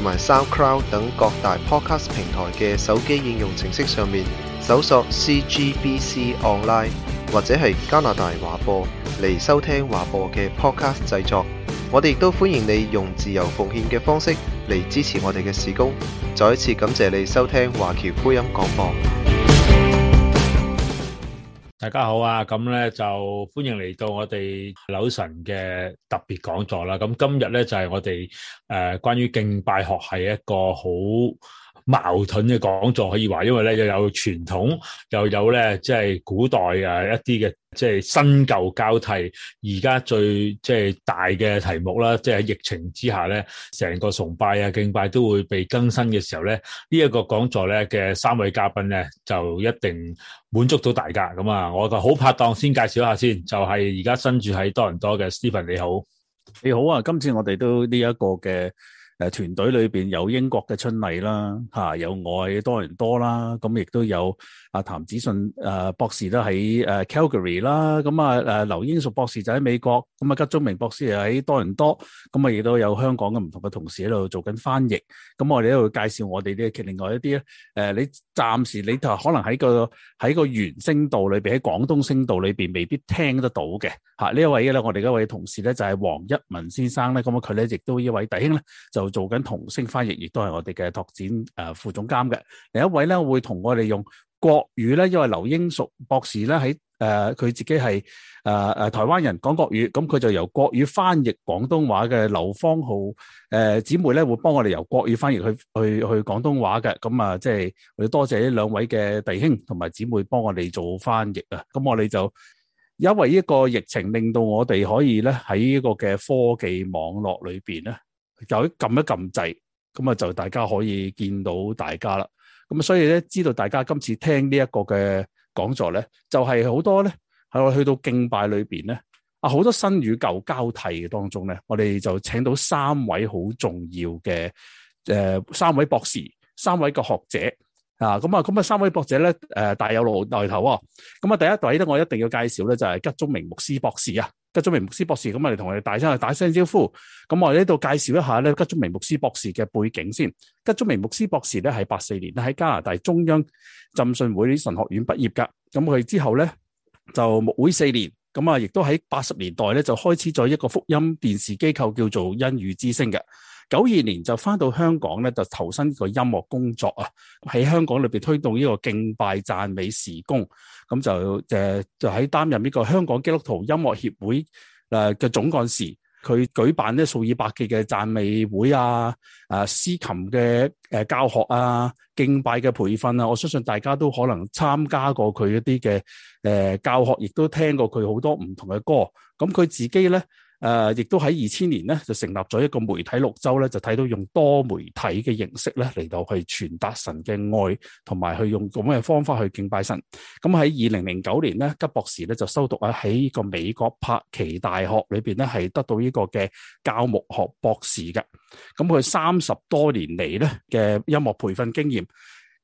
同埋 SoundCloud 等各大 Podcast 平台嘅手機應用程式上面搜索 CGBC Online 或者係加拿大華播嚟收聽華播嘅 Podcast 製作。我哋亦都歡迎你用自由奉獻嘅方式嚟支持我哋嘅事工。再一次感謝你收聽華僑福音廣播。大家好啊，咁咧就歡迎嚟到我哋紐神嘅特別講座啦。咁今日咧就係我哋誒、呃、關於敬拜學系一個好矛盾嘅講座可以話，因為咧又有傳統，又有咧即係古代啊一啲嘅即係新舊交替。而家最即係大嘅題目啦，即係喺疫情之下咧，成個崇拜啊敬拜都會被更新嘅時候咧，呢一個講座咧嘅三位嘉賓咧就一定滿足到大家。咁啊，我就好拍檔先介紹一下先，就係而家身處喺多倫多嘅 Stephen，你好，你好啊！今次我哋都呢一個嘅。誒，團隊裏邊有英國嘅春麗啦，吓有外多人多啦，咁亦都有。阿譚、啊、子信誒，啊、博士都喺誒 Calgary 啦，咁啊誒劉英淑博士就喺美國，咁啊吉忠明博士又喺多倫多，咁啊亦都有香港嘅唔同嘅同事喺度做緊翻譯，咁我哋都會介紹我哋啲，其另外一啲咧誒，你暫時你就可能喺個喺個原聲道裏邊，喺廣東聲道裏邊未必聽得到嘅吓，呢、啊、一位咧，我哋一位同事咧就係、是、黃一文先生咧，咁啊佢咧亦都呢位弟兄咧就做緊同聲翻譯，亦都係我哋嘅拓展誒、啊、副總監嘅，另一位咧會同我哋用。國語咧，因為劉英淑博士咧喺誒，佢自己係誒誒台灣人，講國語，咁佢就由國語翻譯廣東話嘅劉芳浩誒姊妹咧，會幫我哋由國語翻譯去去去廣東話嘅，咁啊、就是，即係要多謝呢兩位嘅弟兄同埋姊妹幫我哋做翻譯啊，咁我哋就因為呢個疫情令到我哋可以咧喺呢個嘅科技網絡裏邊咧，就撳一撳掣，咁啊就大家可以見到大家啦。咁所以咧，知道大家今次聽呢一個嘅講座咧，就係、是、好多咧，喺我去到敬拜裏邊咧，啊，好多新與舊交替嘅當中咧，我哋就請到三位好重要嘅，誒，三位博士，三位嘅學者，啊，咁啊，咁啊，三位博士咧，誒，大有來頭，咁啊，第一位咧，我一定要介紹咧，就係吉中明牧師博士啊。吉中鳴牧師博士，咁我哋同我哋大聲打聲招呼。咁我哋呢度介紹一下咧，吉中鳴牧師博士嘅背景先。吉中鳴牧師博士咧係八四年喺加拿大中央浸信會神學院畢業噶。咁佢之後咧就牧會四年，咁啊亦都喺八十年代咧就開始咗一個福音電視機構叫做恩語之聲嘅。九二年就返到香港咧，就投身呢個音樂工作啊！喺香港裏邊推動呢個敬拜讚美事工，咁就誒就喺擔任呢個香港基督徒音樂協會誒嘅總幹事，佢舉辦呢數以百計嘅讚美會啊，誒，司琴嘅誒教學啊，敬拜嘅培訓啊，我相信大家都可能參加過佢一啲嘅誒教學，亦都聽過佢好多唔同嘅歌。咁佢自己咧。誒、呃，亦都喺二千年咧就成立咗一個媒體綠洲咧，就睇到用多媒體嘅形式咧嚟到去傳達神嘅愛，同埋去用咁嘅方法去敬拜神。咁喺二零零九年咧，吉博士咧就修讀喺呢個美國柏奇大學裏邊咧係得到呢個嘅教牧學博士嘅。咁佢三十多年嚟咧嘅音樂培訓經驗，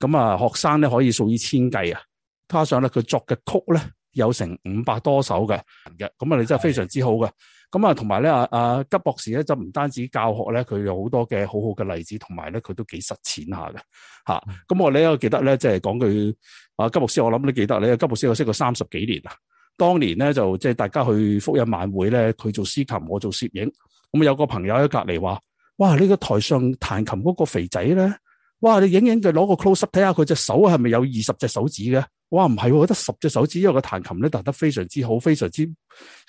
咁、嗯、啊學生咧可以數以千計啊，加上咧佢作嘅曲咧有成五百多首嘅，嘅咁啊你真係非常之好嘅。咁啊，同埋咧，阿阿吉博士咧，就唔單止教學咧，佢有好多嘅好好嘅例子，同埋咧，佢都幾實踐下嘅嚇。咁我咧，嗯、我記得咧，即係講句，阿吉博士，我諗你記得咧，吉博士，我識佢三十幾年啦。當年咧，就即係大家去福音晚會咧，佢做司琴，我做攝影。咁有個朋友喺隔離話：，哇，呢個台上彈琴嗰個肥仔咧，哇，你影影佢攞個 closeup 睇下佢隻手係咪有二十隻手指嘅？哇，唔係、啊，我得十隻手指，因為佢彈琴咧彈得非常之好，非常之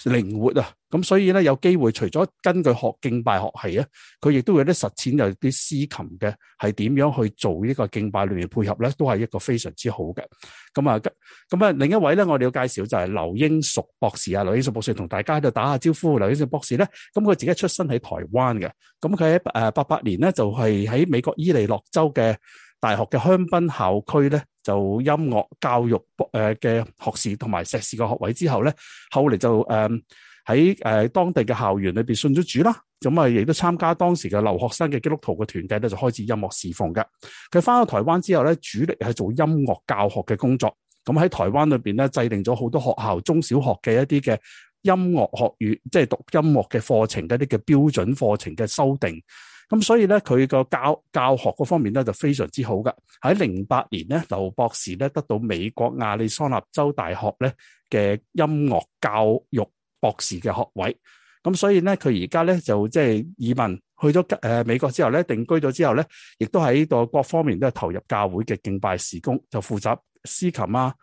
靈活啊！咁所以咧，有機會除咗根據學敬拜學系啊，佢亦都有啲實踐，有啲司琴嘅係點樣去做呢個敬拜裏嘅配合咧，都係一個非常之好嘅。咁、嗯、啊，咁、嗯、啊、嗯，另一位咧，我哋要介紹就係劉英淑博士啊。劉英淑博士同大家喺度打下招呼。劉英淑博士咧，咁、嗯、佢自己出身喺台灣嘅，咁佢喺誒八八年咧，就係、是、喺美國伊利諾州嘅大學嘅香檳校區咧。就音樂教育誒嘅學士同埋碩士嘅學位之後咧，後嚟就誒喺誒當地嘅校園裏邊信咗主啦，咁啊亦都參加當時嘅留學生嘅基督徒嘅團體咧，就開始音樂侍奉嘅。佢翻到台灣之後咧，主力係做音樂教學嘅工作。咁喺台灣裏邊咧，制定咗好多學校中小學嘅一啲嘅音樂學院，即係讀音樂嘅課程、一啲嘅標準課程嘅修訂。咁所以咧，佢個教教學嗰方面咧就非常之好㗎。喺零八年咧，劉博士咧得到美國亞利桑那州大學咧嘅音樂教育博士嘅學位。咁所以咧，佢而家咧就即係移民去咗誒美國之後咧，定居咗之後咧，亦都喺度各方面都係投入教會嘅敬拜事工，就負責司琴啊、誒、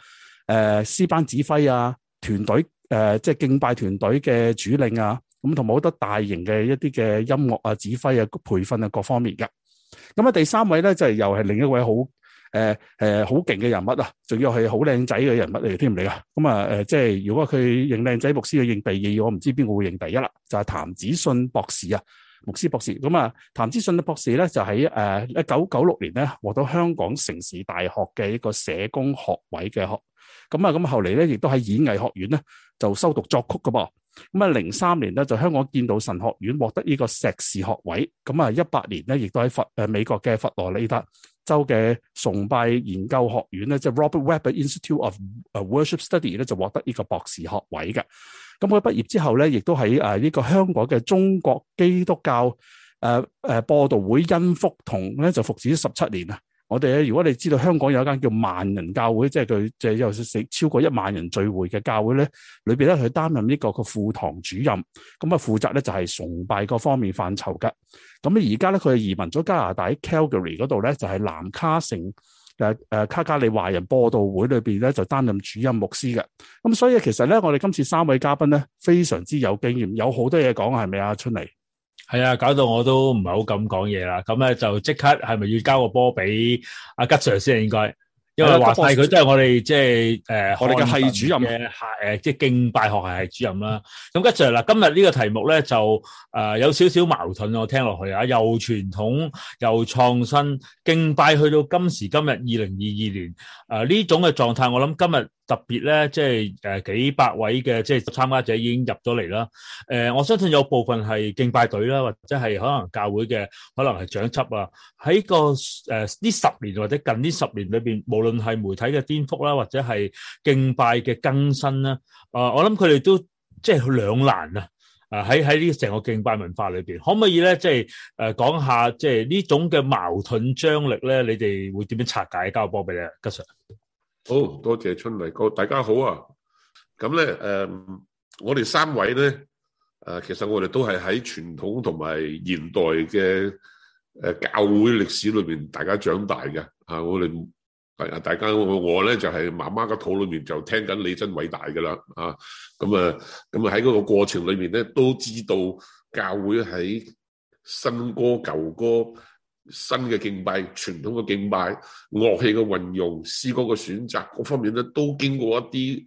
呃、詩班指揮啊、團隊誒即係敬拜團隊嘅主領啊。咁同埋好多大型嘅一啲嘅音樂啊、指揮啊、培訓啊，培訓啊各方面嘅。咁啊，第三位咧就係、是、又係另一位好誒誒好勁嘅人物啊，仲要係好靚仔嘅人物嚟添嚟噶。咁啊誒、嗯，即係如果佢認靚仔牧師去認第二，我唔知邊個會認第一啦。就係、是、譚子信博士啊，牧師博士。咁、嗯、啊，譚子信嘅博士咧就喺誒一九九六年咧獲得香港城市大學嘅一個社工學位嘅學。咁、嗯、啊，咁、嗯嗯、後嚟咧亦都喺演藝學院咧就修讀作曲嘅噃。咁啊，零三年咧就香港建道神學院獲得呢個碩士學位，咁啊一八年咧亦都喺佛、誒、呃、美國嘅佛羅里達州嘅崇拜研究學院咧，即係 Robert Weber Institute of 誒 Worship Studies 咧就獲得呢個博士學位嘅。咁佢畢業之後咧，亦都喺誒呢個香港嘅中國基督教誒誒播道會恩福堂咧就服侍咗十七年啊。我哋咧，如果你知道香港有一間叫萬人教會，即係佢即係有超過一萬人聚會嘅教會咧，裏邊咧佢擔任呢個個副堂主任，咁啊負責咧就係崇拜各方面範疇嘅。咁而家咧佢係移民咗加拿大 Calgary 嗰度咧，就係、是、南卡城誒誒卡加利華人播道會裏邊咧就擔任主任牧師嘅。咁所以其實咧，我哋今次三位嘉賓咧非常之有經驗，有好多嘢講，係咪啊？出嚟。係啊，搞到我都唔係好敢講嘢啦。咁咧就即刻係咪要交個波俾阿吉 Sir 先啊？應該。因為話晒佢都係我哋即係誒，我哋嘅係主任嘅客誒，即係敬拜學係係主任啦。咁跟住嗱，今日呢個題目咧就誒有少少矛盾，我聽落去啊，又傳統又創新，敬拜去到今時今日二零二二年誒呢種嘅狀態，我諗今日特別咧，即係誒幾百位嘅即係參加者已經入咗嚟啦。誒，我相信有部分係敬拜隊啦，或者係可能教會嘅，可能係長執啊。喺個誒呢十年或者近呢十年裏邊，冇。無論係媒體嘅顛覆啦，或者係敬拜嘅更新啦，誒、呃，我諗佢哋都即係兩難啊！誒、呃，喺喺呢成個敬拜文化裏邊，可唔可以咧，即係誒、呃、講下，即係呢種嘅矛盾張力咧，你哋會點樣拆解？交波俾你，吉 Sir。好多謝春麗哥，大家好啊！咁咧，誒、呃，我哋三位咧，誒、呃，其實我哋都係喺傳統同埋現代嘅誒教會歷史裏邊，大家長大嘅啊，我哋。啊！大家我咧就係、是、媽媽嘅肚裏面就聽緊你真偉大嘅啦，啊咁啊咁啊喺嗰個過程裏面咧，都知道教會喺新歌舊歌新嘅敬拜，傳統嘅敬拜，樂器嘅運用，詩歌嘅選擇，各方面咧都經過一啲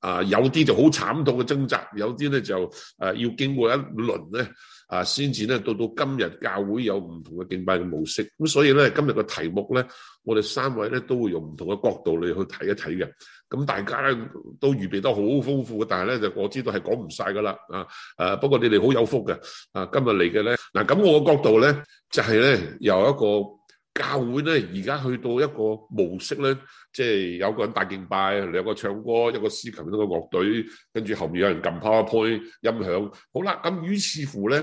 啊、呃，有啲就好慘痛嘅掙扎，有啲咧就誒、呃、要經過一輪咧。啊，先至咧，到到今日教會有唔同嘅敬拜嘅模式，咁所以咧，今日嘅題目咧，我哋三位咧都會用唔同嘅角度嚟去睇一睇嘅，咁大家咧都預備得好豐富嘅，但係咧就我知道係講唔晒噶啦，啊，誒不過你哋好有福嘅，啊今日嚟嘅咧，嗱咁我嘅角度咧就係咧由一個。教會咧，而家去到一個模式咧，即、就、係、是、有個人帶敬拜，兩個唱歌，一個司琴，一個樂隊，跟住後面有人撳 power，power 音響。好啦，咁於是乎咧，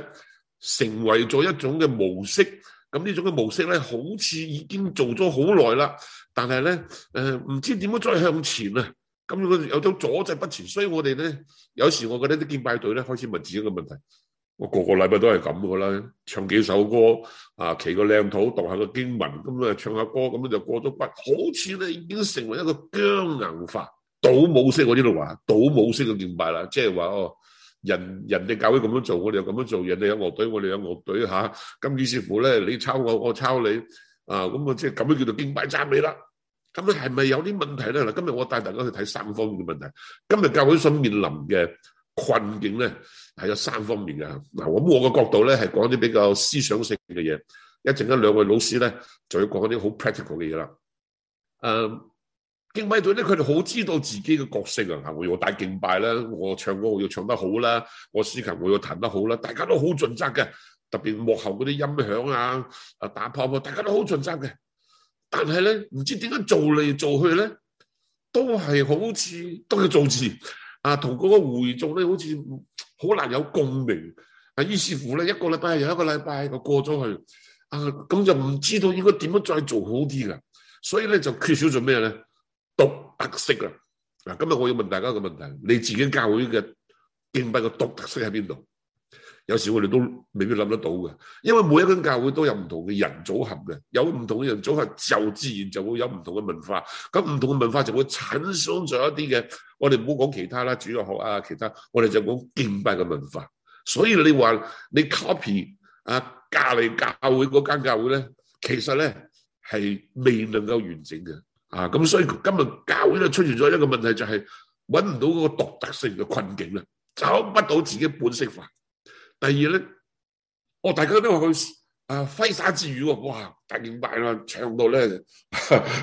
成為咗一種嘅模式。咁呢種嘅模式咧，好似已經做咗好耐啦。但係咧，誒、呃、唔知點樣再向前啊？咁有種阻滯不前，所以我哋咧，有時我覺得啲敬拜隊咧，開始問自己一個問題。我個個禮拜都係咁噶啦，唱幾首歌，啊，祈個靚土讀下個經文，咁啊唱下歌，咁樣就過咗筆，好似咧已經成為一個僵硬法，倒模式我呢度話，倒模式嘅敬拜啦，即係話哦，人人哋教會咁樣做，我哋又咁樣做，人哋有樂隊，我哋有樂隊吓，咁於是乎咧，你抄我，我抄你，啊，咁啊即係咁樣叫做敬拜讚美啦，咁啊係咪有啲問題咧？嗱，今日我帶大家去睇三方面嘅問題，今日教會所面臨嘅困境咧。係有三方面嘅，嗱咁我個角度咧係講啲比較思想性嘅嘢，一陣間兩位老師咧就要講啲好 practical 嘅嘢啦。誒、嗯，敬拜隊咧佢哋好知道自己嘅角色啊，我要帶敬拜咧，我唱歌我要唱得好啦，我司琴我要彈得好啦，大家都好盡責嘅，特別幕後嗰啲音響啊、啊打炮嘅，大家都好盡責嘅。但係咧唔知點解做嚟做去咧，都係好似都要做字。啊，同嗰個會眾咧，好似好難有共鳴。啊，於是乎咧，一個禮拜又一個禮拜就過咗去。啊，咁就唔知道應該點樣再做好啲噶。所以咧就缺少咗咩咧？獨特色啦。嗱，今日我要問大家一個問題：你自己教會嘅敬拜嘅獨特色喺邊度？有時我哋都未必諗得到嘅，因為每一間教會都有唔同嘅人組合嘅，有唔同嘅人組合就自然就會有唔同嘅文化。咁唔同嘅文化就會產生咗一啲嘅，我哋唔好講其他啦，主日學啊，其他我哋就講敬拜嘅文化。所以你話你 copy 啊隔離教會嗰間教會咧，其實咧係未能夠完整嘅啊！咁所以今日教會咧出現咗一個問題，就是，就係揾唔到嗰個獨特性嘅困境啦，找不到自己本色化。第二咧，哦，大家都話佢啊揮灑自如喎，哦，哇，大敬拜啦，唱到咧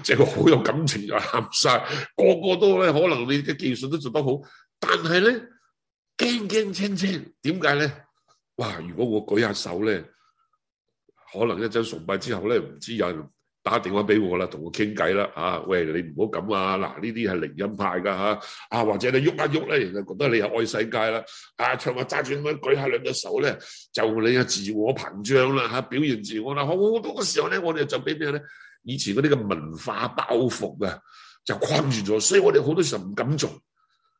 即係好有感情啊，喊晒，個個都咧可能你嘅技術都做得好，但係咧驚驚青青，點解咧？哇，如果我舉下手咧，可能一陣崇拜之後咧，唔知有人，打電話俾我啦，同我傾偈啦嚇！喂，你唔好咁啊！嗱，呢啲係靈音派噶嚇，啊或者你喐一喐咧，就覺得你係愛世界啦，啊長話揸住咁樣舉下兩隻手咧，就你嘅自我膨脹啦嚇、啊，表現自我啦，好多個時候咧，我哋就俾咩咧？以前嗰啲嘅文化包袱啊，就框住咗，所以我哋好多時候唔敢做。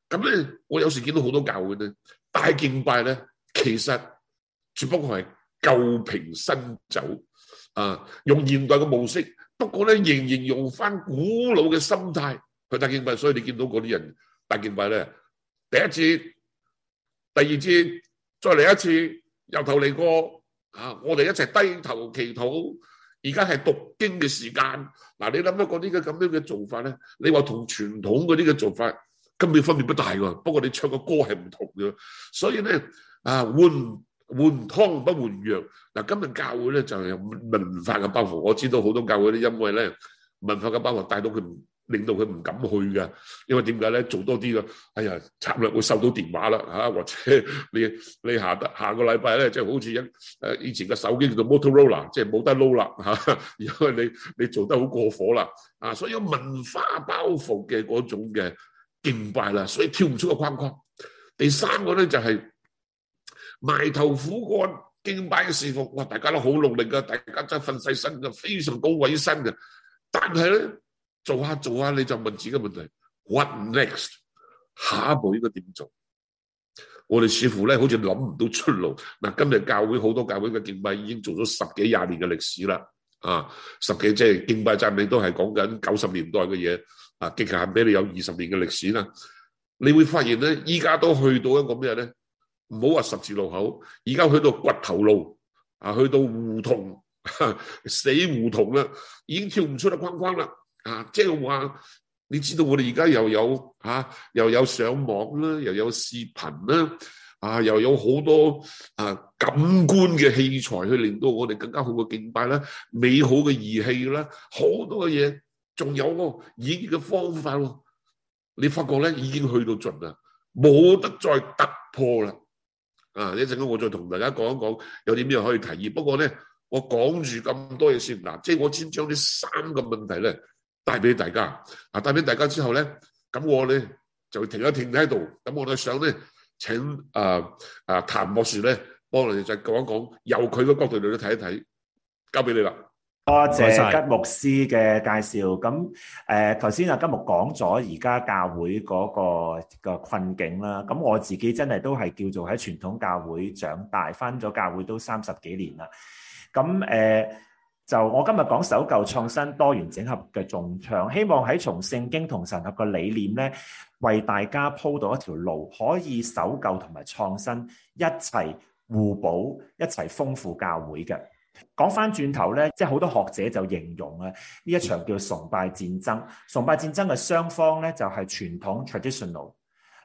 咁咧，我有時見到好多教會咧，大敬拜咧，其實只不過係舊瓶新酒。啊！用現代嘅模式，不過咧仍然用翻古老嘅心態去帶敬拜，所以你見到嗰啲人帶敬拜咧，第一次、第二次、再嚟一次，由頭嚟過啊！我哋一齊低頭祈禱，而家係讀經嘅時間。嗱、啊，你諗一講呢個咁樣嘅做法咧，你話同傳統嗰啲嘅做法根本分別不大喎。不過你唱嘅歌係唔同嘅，所以咧啊換。換.換湯不換藥嗱，今日教會咧就係、是、有文化嘅包袱。我知道好多教會咧，因為咧文化嘅包袱帶到佢，唔，令到佢唔敢去噶。因為點解咧？做多啲嘅，哎呀，策略多差唔多會收到電話啦，吓、啊、或者你你下得下個禮拜咧，即、就、係、是、好似一誒以前嘅手機叫做 Motorola，即係冇得撈啦，吓、啊。因為你你做得好過火啦，啊，所以有文化包袱嘅嗰種嘅敬拜啦，所以跳唔出個框框。第三個咧就係、是。埋頭苦幹敬拜嘅事奉，哇！大家都好努力噶，大家真係瞓晒身嘅，非常高委身嘅。但係咧做下做下，你就問自己個問題：What next？下一步應該點做？我哋似乎咧，好似諗唔到出路。嗱，今日教會好多教會嘅敬拜已經做咗十幾廿年嘅歷史啦，啊，十幾即係敬拜讚美都係講緊九十年代嘅嘢，啊，極限俾你有二十年嘅歷史啦。你會發現咧，依家都去到一個咩咧？唔好話“十字路口”，而家去到掘頭路啊，去到胡同、哈哈死胡同啦，已經跳唔出得框框啦。啊，即係話，你知道我哋而家又有吓、啊，又有上網啦，又有視頻啦，啊，又有好多啊感官嘅器材去令到我哋更加好嘅敬拜啦，美好嘅儀器啦，好多嘅嘢，仲有個演繹嘅方法。你發覺咧，已經去到盡啦，冇得再突破啦。啊！一陣間我再同大家講一講有啲咩可以提議。啊、不過咧，我講住咁多嘢先。嗱、啊，即係我先將呢三個問題咧帶俾大家。啊，帶俾大家之後咧，咁我咧就停一停喺度。咁我就想咧請啊啊、呃呃、譚博士咧幫我哋再講一講，由佢個角度嚟睇一睇。交俾你啦。多謝吉牧師嘅介紹。咁誒，頭先阿吉牧講咗而家教會嗰，那個、這個困境啦。咁我自己真係都係叫做喺傳統教會長大，返咗教會都三十幾年啦。咁誒、呃，就我今日講，守舊創新、多元整合嘅重唱，希望喺從聖經同神學嘅理念咧，為大家鋪到一條路，可以守舊同埋創新一齊互補，一齊豐富教會嘅。講翻轉頭咧，即係好多學者就形容啊，呢一場叫崇拜戰爭。崇拜戰爭嘅雙方咧，就係傳統 （traditional），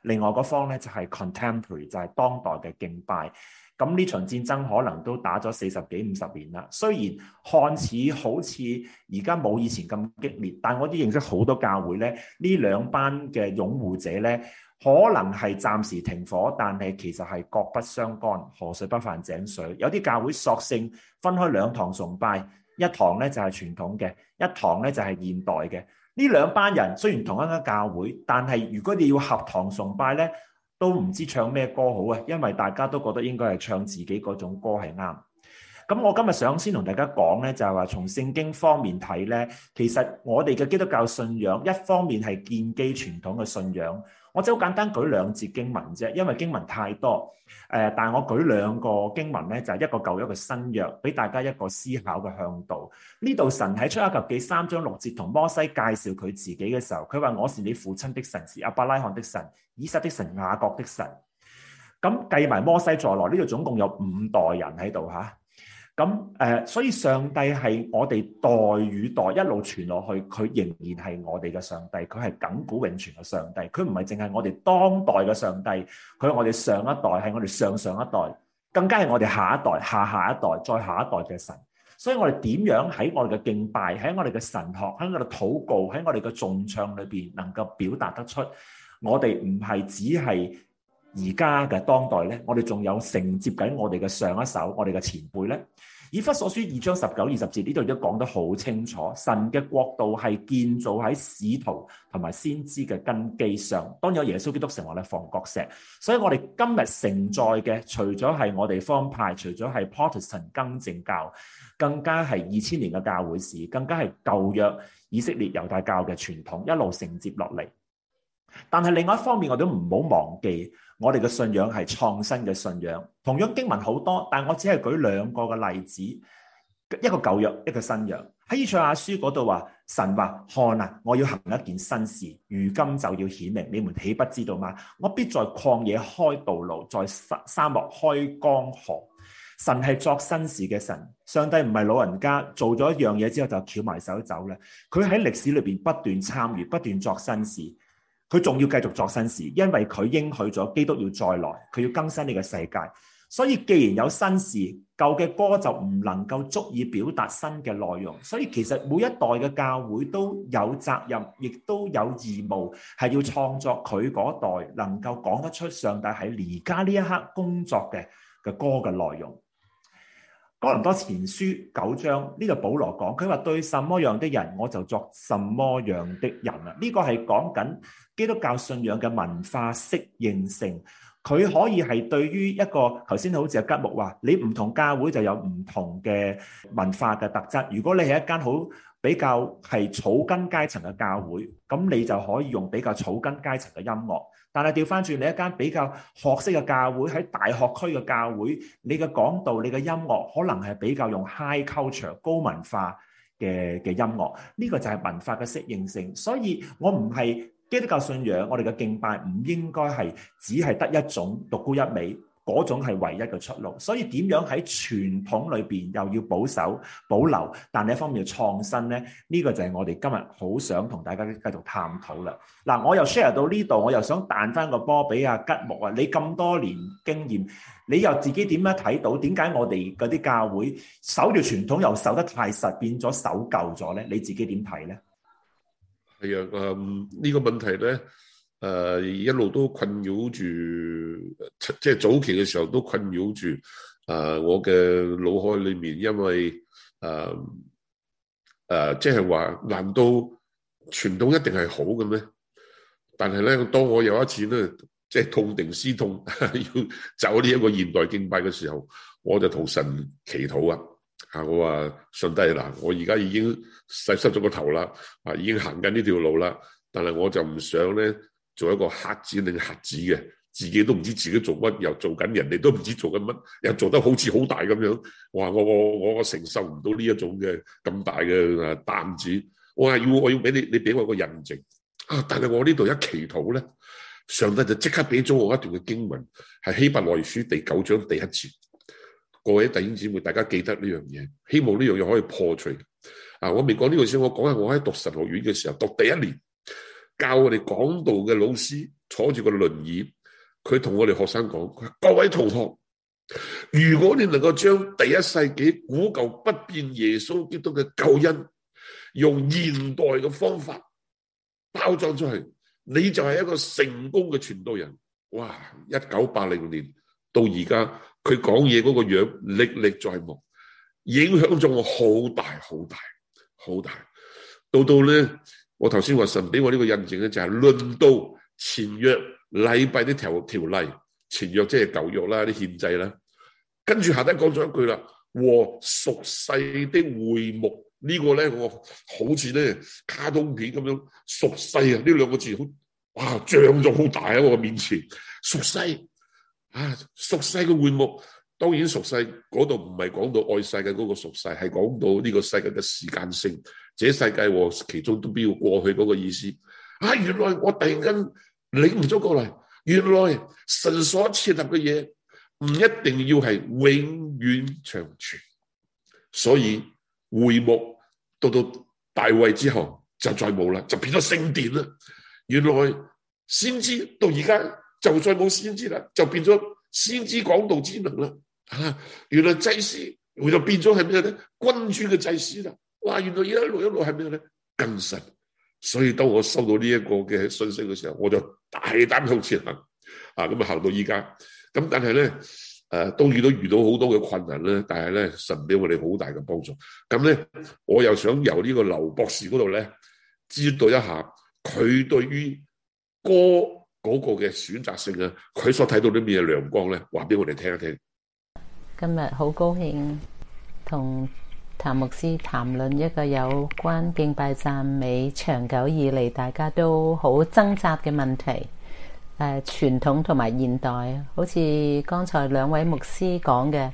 另外個方咧就係 contemporary，就係當代嘅敬拜。咁呢場戰爭可能都打咗四十幾五十年啦。雖然看似好似而家冇以前咁激烈，但我都認識好多教會咧，呢兩班嘅擁護者咧。可能係暫時停火，但係其實係各不相干，河水不犯井水。有啲教會索性分開兩堂崇拜，一堂咧就係傳統嘅，一堂咧就係現代嘅。呢兩班人雖然同一間教會，但係如果你要合堂崇拜咧，都唔知唱咩歌好啊！因為大家都覺得應該係唱自己嗰種歌係啱。咁我今日想先同大家講咧，就係話從聖經方面睇咧，其實我哋嘅基督教信仰一方面係建基傳統嘅信仰。我就好簡單舉兩節經文啫，因為經文太多，誒、呃，但係我舉兩個經文咧，就係、是、一個舊一個新約，俾大家一個思考嘅向導。呢度神喺出埃及記三章六節同摩西介紹佢自己嘅時候，佢話我是你父親的神，是亞伯拉罕的神、以撒的神、雅各的神。咁計埋摩西在內，呢度總共有五代人喺度吓。咁誒、嗯，所以上帝係我哋代與代一路傳落去，佢仍然係我哋嘅上帝，佢係亘古永存嘅上帝，佢唔係淨係我哋當代嘅上帝，佢係我哋上一代係我哋上上一代，更加係我哋下一代、下下一代、再下一代嘅神。所以我哋點樣喺我哋嘅敬拜、喺我哋嘅神學、喺我哋嘅禱告、喺我哋嘅重唱裏邊，能夠表達得出，我哋唔係只係，而家嘅當代咧，我哋仲有承接緊我哋嘅上一手，我哋嘅前輩咧。以弗所書二章十九二十節呢度都講得好清楚，神嘅國度係建造喺使徒同埋先知嘅根基上。當有耶穌基督成為咧，房角石。所以我哋今日承載嘅，除咗係我哋方派，除咗係 Protestant 更正教，更加係二千年嘅教會史，更加係舊約以色列猶太教嘅傳統一路承接落嚟。但係另外一方面，我哋都唔好忘記。我哋嘅信仰係創新嘅信仰，同樣經文好多，但我只係舉兩個嘅例子，一個舊約，一個新約。喺以賽亞書嗰度話，神話看啊，我要行一件新事，如今就要顯明，你們豈不知道嗎？我必在曠野開道路，在沙漠開江河。神係作新事嘅神，上帝唔係老人家，做咗一樣嘢之後就翹埋手走啦。佢喺歷史裏邊不斷參與，不斷作新事。佢仲要繼續作新事，因為佢應許咗基督要再來，佢要更新呢個世界。所以既然有新事，舊嘅歌就唔能夠足以表達新嘅內容。所以其實每一代嘅教會都有責任，亦都有義務係要創作佢嗰代能夠講得出上帝喺而家呢一刻工作嘅嘅歌嘅內容。哥林多前書九章呢度保羅講，佢話，對什麼樣的人我就作什麼樣的人啊。呢個係講緊基督教信仰嘅文化適應性，佢可以係對於一個頭先好似阿吉木話，你唔同教會就有唔同嘅文化嘅特質。如果你係一間好比較係草根階層嘅教會，咁你就可以用比較草根階層嘅音樂。但係調翻轉你一間比較學識嘅教會，喺大學區嘅教會，你嘅講道、你嘅音樂可能係比較用 high culture 高文化嘅嘅音樂，呢個就係文化嘅適應性。所以，我唔係基督教信仰，我哋嘅敬拜唔應該係只係得一種獨沽一味。嗰種係唯一嘅出路，所以點樣喺傳統裏邊又要保守保留，但另一方面又創新呢，呢個就係我哋今日好想同大家繼續探討啦。嗱，我又 share 到呢度，我又想彈翻個波俾阿、啊、吉木啊！你咁多年經驗，你又自己點樣睇到？點解我哋嗰啲教會守住傳統又守得太實，變咗守舊咗呢？你自己點睇呢？係啊，嗯，呢個問題呢？誒，uh，一路都困擾住，即係早期嘅時候都困擾住。誒，uh，我嘅腦海裏面，因為誒誒，即係話，難道傳統一定係好嘅咩？但係咧，當我有一次咧，即係痛定思痛， 要走呢一個現代敬拜嘅時候，我就同神祈禱啊。我話上帝嗱，我而家已經洗濕咗個頭啦，啊，已經行緊呢條路啦，但係我就唔想咧。做一個瞎子定瞎子嘅，自己都唔知自己做乜，又做緊人哋都唔知做緊乜，又做得好似好大咁樣。哇！我我我我承受唔到呢一種嘅咁大嘅擔子。我話要我要俾你，你俾我個印證啊！但係我呢度一祈禱咧，上帝就即刻俾咗我一段嘅經文，係希伯來書第九章第一次。各位弟兄姊妹，大家記得呢樣嘢，希望呢樣嘢可以破除。啊！我未講呢個先，我講下我喺讀神學院嘅時候，讀第一年。教我哋講道嘅老師坐住個輪椅，佢同我哋學生講：佢，各位同學，如果你能夠將第一世紀古舊不變耶穌基督嘅救恩，用現代嘅方法包裝出去，你就係一個成功嘅傳道人。哇！一九八零年到而家，佢講嘢嗰個樣歷歷在目，影響咗我好大好大好大。到到咧。我頭先話神俾我呢個印證咧，就係、是、論到前約、禮拜啲條條例、前約即係舊約啦，啲憲制啦。跟住下低講咗一句啦，和屬世的會幕、這個、呢個咧，我好似咧卡通片咁樣，屬世啊呢兩個字好哇，漲咗好大喺、啊、我面前，屬世啊，屬世嘅會幕。」當然屬世嗰度唔係講到愛世界嗰個屬世，係講到呢個世界嘅時間性。這世界和其中都必要過去嗰個意思啊？原來我突然間領悟咗過嚟，原來神所設立嘅嘢唔一定要係永遠長存。所以會幕到到大衛之後就再冇啦，就變咗聖殿啦。原來先知到而家就再冇先知啦，就變咗先知講道之能啦。吓、啊，原來祭司我就變咗係咩咧？君主嘅祭司啦，哇！原來一路一路係咩咧？更神。所以當我收到呢一個嘅信息嘅時候，我就大膽向前行。啊，咁、嗯、啊行到依家。咁但係咧，誒、啊，都遇到遇到好多嘅困難咧，但係咧，神俾我哋好大嘅幫助。咁咧，我又想由呢個劉博士嗰度咧知道一下，佢對於歌嗰個嘅選擇性啊，佢所睇到啲咩亮光咧，話俾我哋聽一聽。今日好高興同譚牧師談論一個有關敬拜讚美長久以嚟大家都好掙扎嘅問題。誒、呃，傳統同埋現代，好似剛才兩位牧師講嘅，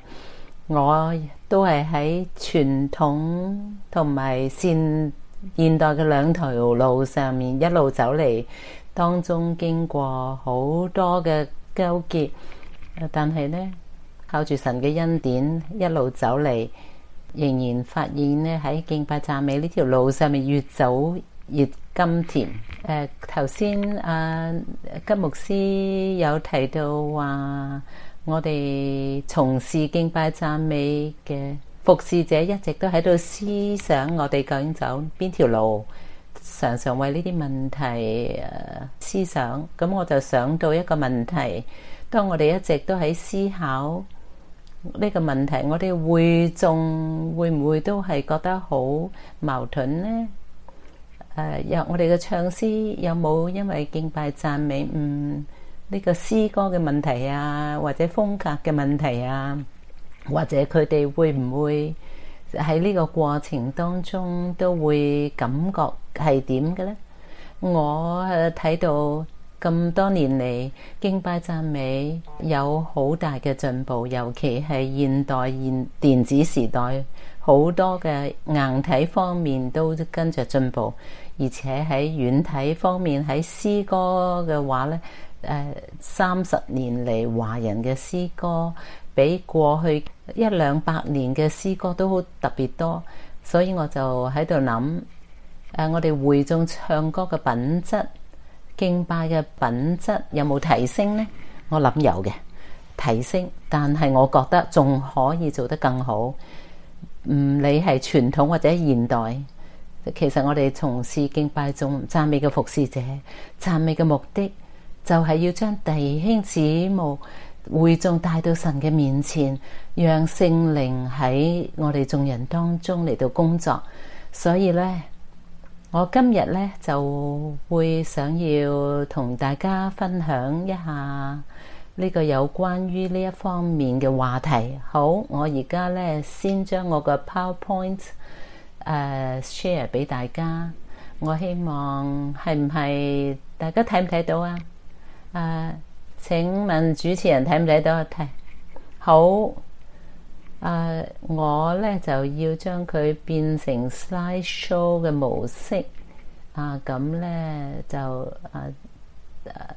我都係喺傳統同埋現現代嘅兩條路上面一路走嚟，當中經過好多嘅糾結，但係呢。靠住神嘅恩典一路走嚟，仍然發現咧喺敬拜讚美呢條路上面越走越甘甜。誒頭先阿吉牧師有提到話，啊，我哋從事敬拜讚美嘅服侍者一直都喺度思想，我哋究竟走邊條路，常常為呢啲問題誒思想。咁我就想到一個問題，當我哋一直都喺思考。呢個問題，我哋會眾會唔會都係覺得好矛盾呢？誒，有我哋嘅唱詩有冇因為敬拜讚美嗯呢個詩歌嘅問題啊，或者風格嘅問題啊，或者佢哋會唔會喺呢個過程當中都會感覺係點嘅呢？我誒睇到。咁多年嚟，敬拜讚美有好大嘅進步，尤其係現代電電子時代，好多嘅硬體方面都跟着進步，而且喺軟體方面喺詩歌嘅話咧，誒三十年嚟華人嘅詩歌比過去一兩百年嘅詩歌都好特別多，所以我就喺度諗誒我哋會眾唱歌嘅品質。敬拜嘅品質有冇提升呢？我諗有嘅提升，但係我覺得仲可以做得更好。唔理係傳統或者現代，其實我哋從事敬拜仲讚美嘅服侍者，讚美嘅目的就係要將弟兄姊妹會眾帶到神嘅面前，讓聖靈喺我哋眾人當中嚟到工作。所以呢。我今日咧，就會想要同大家分享一下呢個有關於呢一方面嘅話題。好，我而家咧，先將我個 PowerPoint、呃、share 俾大家。我希望係唔係大家睇唔睇到啊？誒、呃，請問主持人睇唔睇到啊？睇好。誒、uh, 我咧就要將佢變成 slide show 嘅模式，啊咁咧就誒誒、啊呃、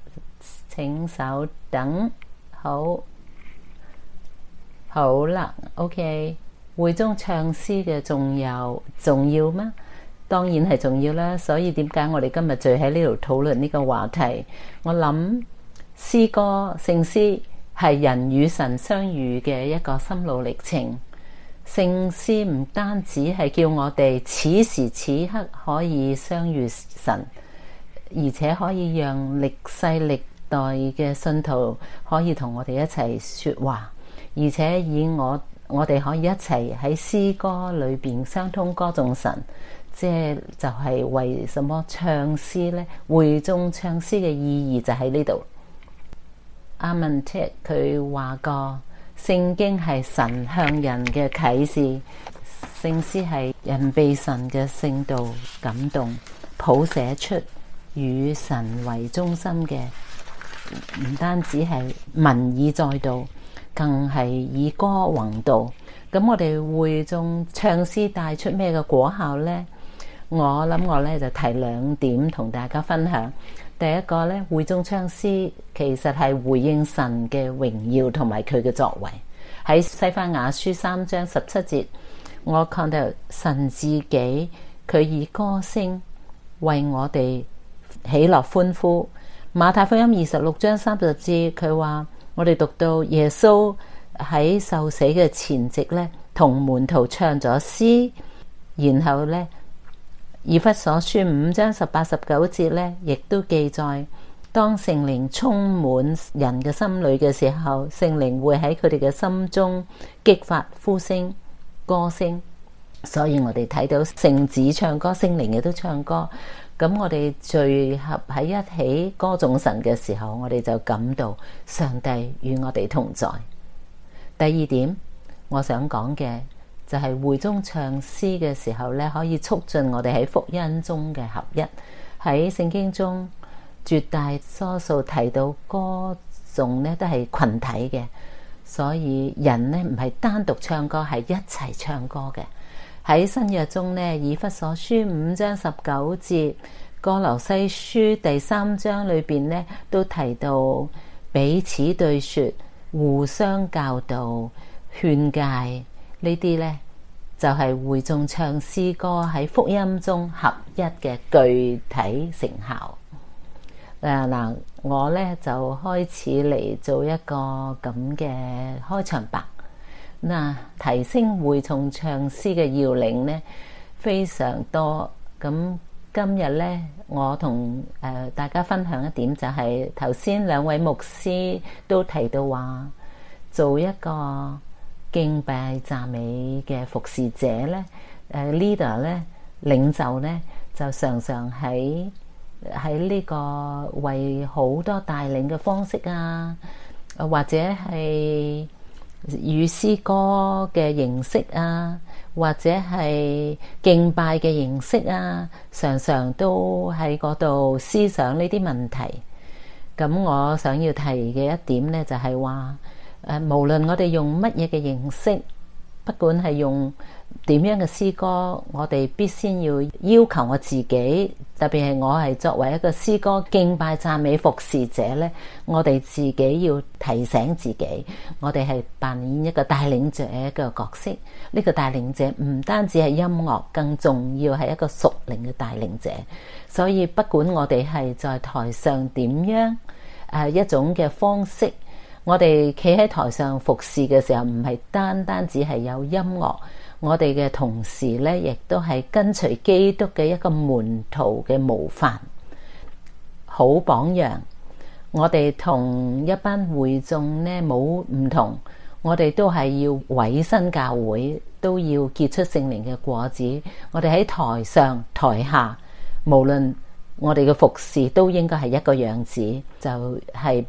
請稍等，好，好啦，OK。會中唱詩嘅重要重要嗎？當然係重要啦。所以點解我哋今日聚喺呢度討論呢個話題？我諗詩歌、聖詩。係人與神相遇嘅一個心路歷程。聖詩唔單止係叫我哋此時此刻可以相遇神，而且可以讓歷世歷代嘅信徒可以同我哋一齊說話，而且以我我哋可以一齊喺詩歌裏邊相通歌頌神。即係就係為什麼唱詩呢？會眾唱詩嘅意義就喺呢度。阿文赤佢話過，聖經係神向人嘅啟示，聖詩係人被神嘅聖道感動譜寫出與神為中心嘅，唔單止係文以載道，更係以歌弘道。咁我哋會眾唱詩帶出咩嘅果效咧？我諗，我咧就提兩點同大家分享。第一個咧，會眾唱詩其實係回應神嘅榮耀同埋佢嘅作為。喺西番雅書三章十七節，我看到神自己佢以歌聲為我哋喜樂歡呼。馬太福音二十六章三十節，佢話我哋讀到耶穌喺受死嘅前夕咧，同門徒唱咗詩，然後咧。以弗所書五章十八十九節咧，亦都記載，當聖靈充滿人嘅心裏嘅時候，聖靈會喺佢哋嘅心中激發呼聲、歌聲。所以我哋睇到聖子唱歌，聖靈亦都唱歌。咁我哋聚合喺一起歌頌神嘅時候，我哋就感到上帝與我哋同在。第二點，我想講嘅。就係會中唱詩嘅時候咧，可以促進我哋喺福音中嘅合一。喺聖經中絕大多數提到歌頌呢都係群體嘅，所以人呢唔係單獨唱歌，係一齊唱歌嘅。喺新約中呢，以弗所書五章十九節，歌羅西書第三章裏邊呢都提到彼此對説，互相教導、勸戒。呢啲呢就係會眾唱詩歌喺福音中合一嘅具體成效。誒嗱，我呢就開始嚟做一個咁嘅開場白。嗱，提升會眾唱詩嘅要領呢，非常多。咁今日呢，我同誒大家分享一點就係頭先兩位牧師都提到話做一個。敬拜讚美嘅服侍者咧，誒 leader 咧領袖咧，就常常喺喺呢個為好多帶領嘅方式啊，或者係以詩歌嘅形式啊，或者係敬拜嘅形式啊，常常都喺嗰度思想呢啲問題。咁我想要提嘅一點咧，就係話。誒，無論我哋用乜嘢嘅形式，不管係用點樣嘅詩歌，我哋必先要要求我自己。特別係我係作為一個詩歌敬拜讚美服侍者呢，我哋自己要提醒自己，我哋係扮演一個帶領者嘅角色。呢個帶領者唔單止係音樂，更重要係一個屬靈嘅帶領者。所以不管我哋係在台上點樣，誒一種嘅方式。我哋企喺台上服侍嘅時候，唔係單單只係有音樂，我哋嘅同時咧，亦都係跟隨基督嘅一個門徒嘅模範，好榜樣。我哋同一班會眾咧冇唔同，我哋都係要委身教會，都要結出聖靈嘅果子。我哋喺台上台下，無論我哋嘅服侍都應該係一個樣子，就係，是。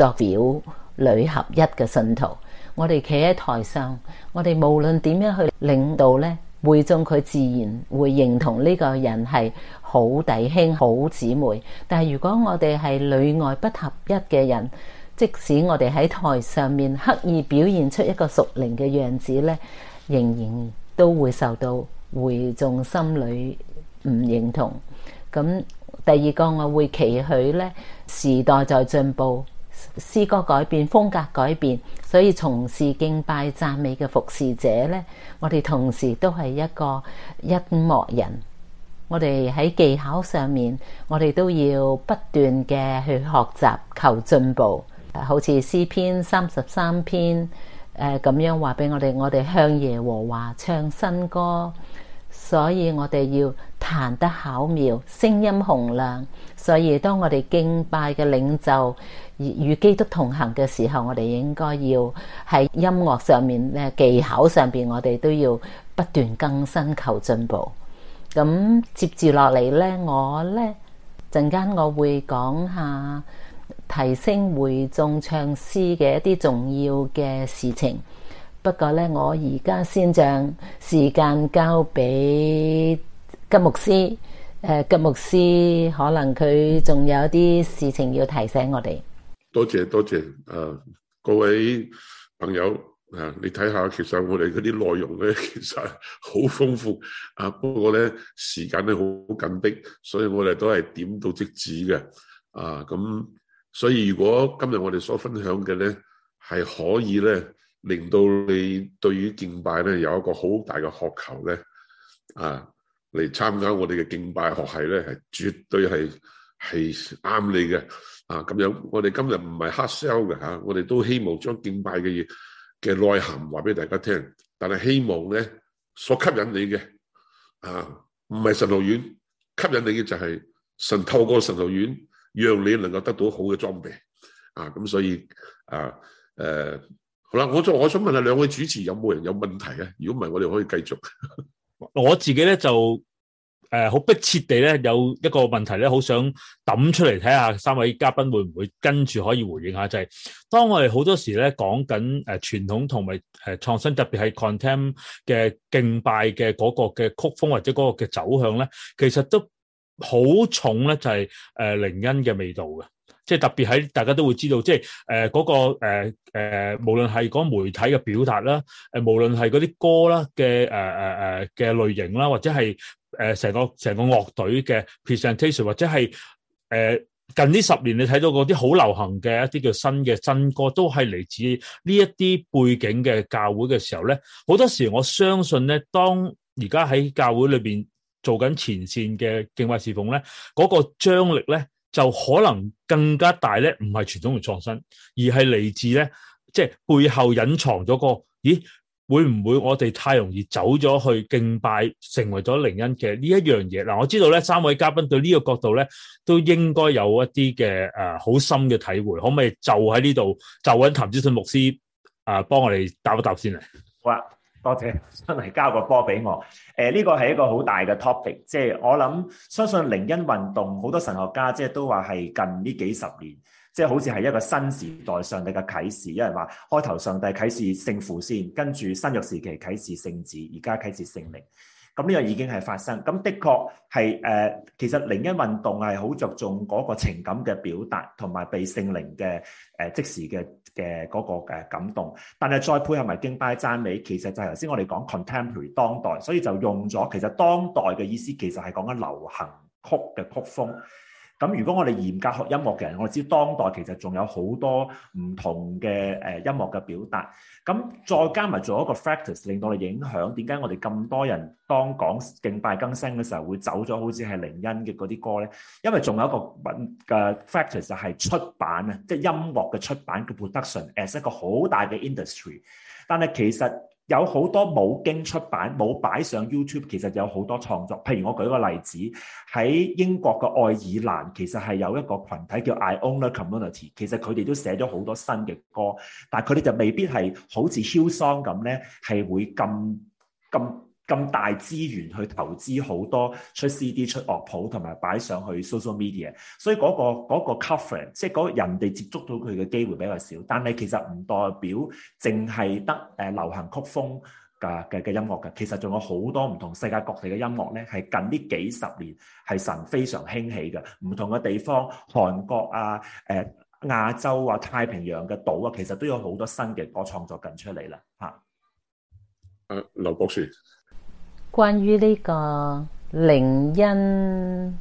作表女合一嘅信徒，我哋企喺台上，我哋無論點樣去領導咧，會眾佢自然會認同呢個人係好弟兄好姊妹。但係如果我哋係內外不合一嘅人，即使我哋喺台上面刻意表現出一個屬靈嘅樣子咧，仍然都會受到會眾心裏唔認同。咁第二個我會期許咧，時代在進步。詩歌改變，風格改變，所以從事敬拜讚美嘅服侍者呢，我哋同時都係一個音樂人。我哋喺技巧上面，我哋都要不斷嘅去學習求進步。啊、好似詩篇三十三篇，誒、呃、咁樣話俾我哋，我哋向耶和華唱新歌，所以我哋要彈得巧妙，聲音洪亮。所以，當我哋敬拜嘅領袖與與基督同行嘅時候，我哋應該要喺音樂上面咧、技巧上邊，我哋都要不斷更新求進步。咁、嗯、接住落嚟呢，我呢陣間我會講下提升會眾唱詩嘅一啲重要嘅事情。不過呢，我而家先將時間交俾金牧師。誒，吉牧師可能佢仲有啲事情要提醒我哋。多謝多謝，誒、啊，各位朋友啊，你睇下，其實我哋嗰啲內容咧，其實好豐富啊。不過咧，時間咧好緊迫，所以我哋都係點到即止嘅。啊，咁所以如果今日我哋所分享嘅咧，係可以咧，令到你對於敬拜咧有一個好大嘅渴求咧，啊。嚟參加我哋嘅敬拜學系咧，係絕對係係啱你嘅啊！咁樣我哋今日唔係黑 sell 嘅嚇，我哋、啊、都希望將敬拜嘅嘢嘅內涵話俾大家聽。但係希望咧，所吸引你嘅啊，唔係神學院吸引你嘅就係神透過神學院讓你能夠得到好嘅裝備啊！咁、嗯、所以啊，誒、呃、好啦，我就我想問下兩位主持有冇人有問題啊？如果唔係，我哋可以繼續。 我自己咧就誒好迫切地咧有一個問題咧，好想抌出嚟睇下三位嘉賓會唔會跟住可以回應下，就係、是、當我哋好多時咧講緊誒傳統同埋誒創新，特別係 contem 嘅敬拜嘅嗰個嘅曲風或者嗰個嘅走向咧，其實都好重咧就係誒靈恩嘅味道嘅。即係特別喺大家都會知道，即係誒嗰個誒誒，無論係嗰媒體嘅表達啦，誒、呃、無論係嗰啲歌啦嘅誒誒誒嘅類型啦，或者係誒成個成個樂隊嘅 presentation，或者係誒、呃、近呢十年你睇到嗰啲好流行嘅一啲叫新嘅新歌，都係嚟自呢一啲背景嘅教會嘅時候咧，好多時我相信咧，當而家喺教會裏邊做緊前線嘅敬拜侍奉咧，嗰、嗰個張力咧，就可能更加大咧，唔係傳統嘅創新，而係嚟自咧，即係背後隱藏咗個，咦？會唔會我哋太容易走咗去敬拜，成為咗靈恩嘅呢一樣嘢？嗱、嗯，我知道咧，三位嘉賓對呢個角度咧，都應該有一啲嘅誒，好、呃、深嘅體會。可唔可以就喺呢度，就揾譚子信牧師啊，幫、呃、我哋答一答先啊？好啊。多謝，真係交個波俾我。誒，呢個係一個好大嘅 topic，即係我諗相信靈恩運動好多神學家，即係都話係近呢幾十年，即係好似係一個新時代上帝嘅啟示，因為話開頭上帝啟示聖父先，跟住新約時期啟示聖子，而家啟示聖靈。咁呢個已經係發生，咁的確係誒，其實靈恩運動係好着重嗰個情感嘅表達，同埋被聖靈嘅誒即時嘅嘅嗰個誒感動，但係再配合埋敬拜讚美，其實就係頭先我哋講 contemporary 當代，所以就用咗其實當代嘅意思，其實係講緊流行曲嘅曲風。咁如果我哋嚴格學音樂嘅人，我知當代其實仲有好多唔同嘅誒音樂嘅表達。咁再加埋做一個 factor 令到我哋影響，點解我哋咁多人當講敬拜更聲嘅時候會走咗好似係靈恩嘅嗰啲歌咧？因為仲有一個揾嘅 factor 就係出版啊，即係音樂嘅出版嘅 production as 一個好大嘅 industry，但係其實。有好多冇經出版，冇擺上 YouTube，其實有好多創作。譬如我舉個例子，喺英國嘅愛爾蘭，其實係有一個群體叫 Iona Community，其實佢哋都寫咗好多新嘅歌，但係佢哋就未必係好似 Hillsong 咁咧，係會咁咁。咁大資源去投資好多出 CD 出樂譜同埋擺上去 social media，所以嗰、嗰個、嗰個、cover 即係嗰人哋接觸到佢嘅機會比較少。但係其實唔代表淨係得誒流行曲風嘅嘅嘅音樂嘅，其實仲有好多唔同世界各地嘅音樂咧，係近呢幾十年係神非常興起嘅。唔同嘅地方，韓國啊、誒、呃、亞洲啊、太平洋嘅島啊，其實都有好多新嘅歌創作緊出嚟啦嚇。誒、啊，劉博士。關於呢個靈恩，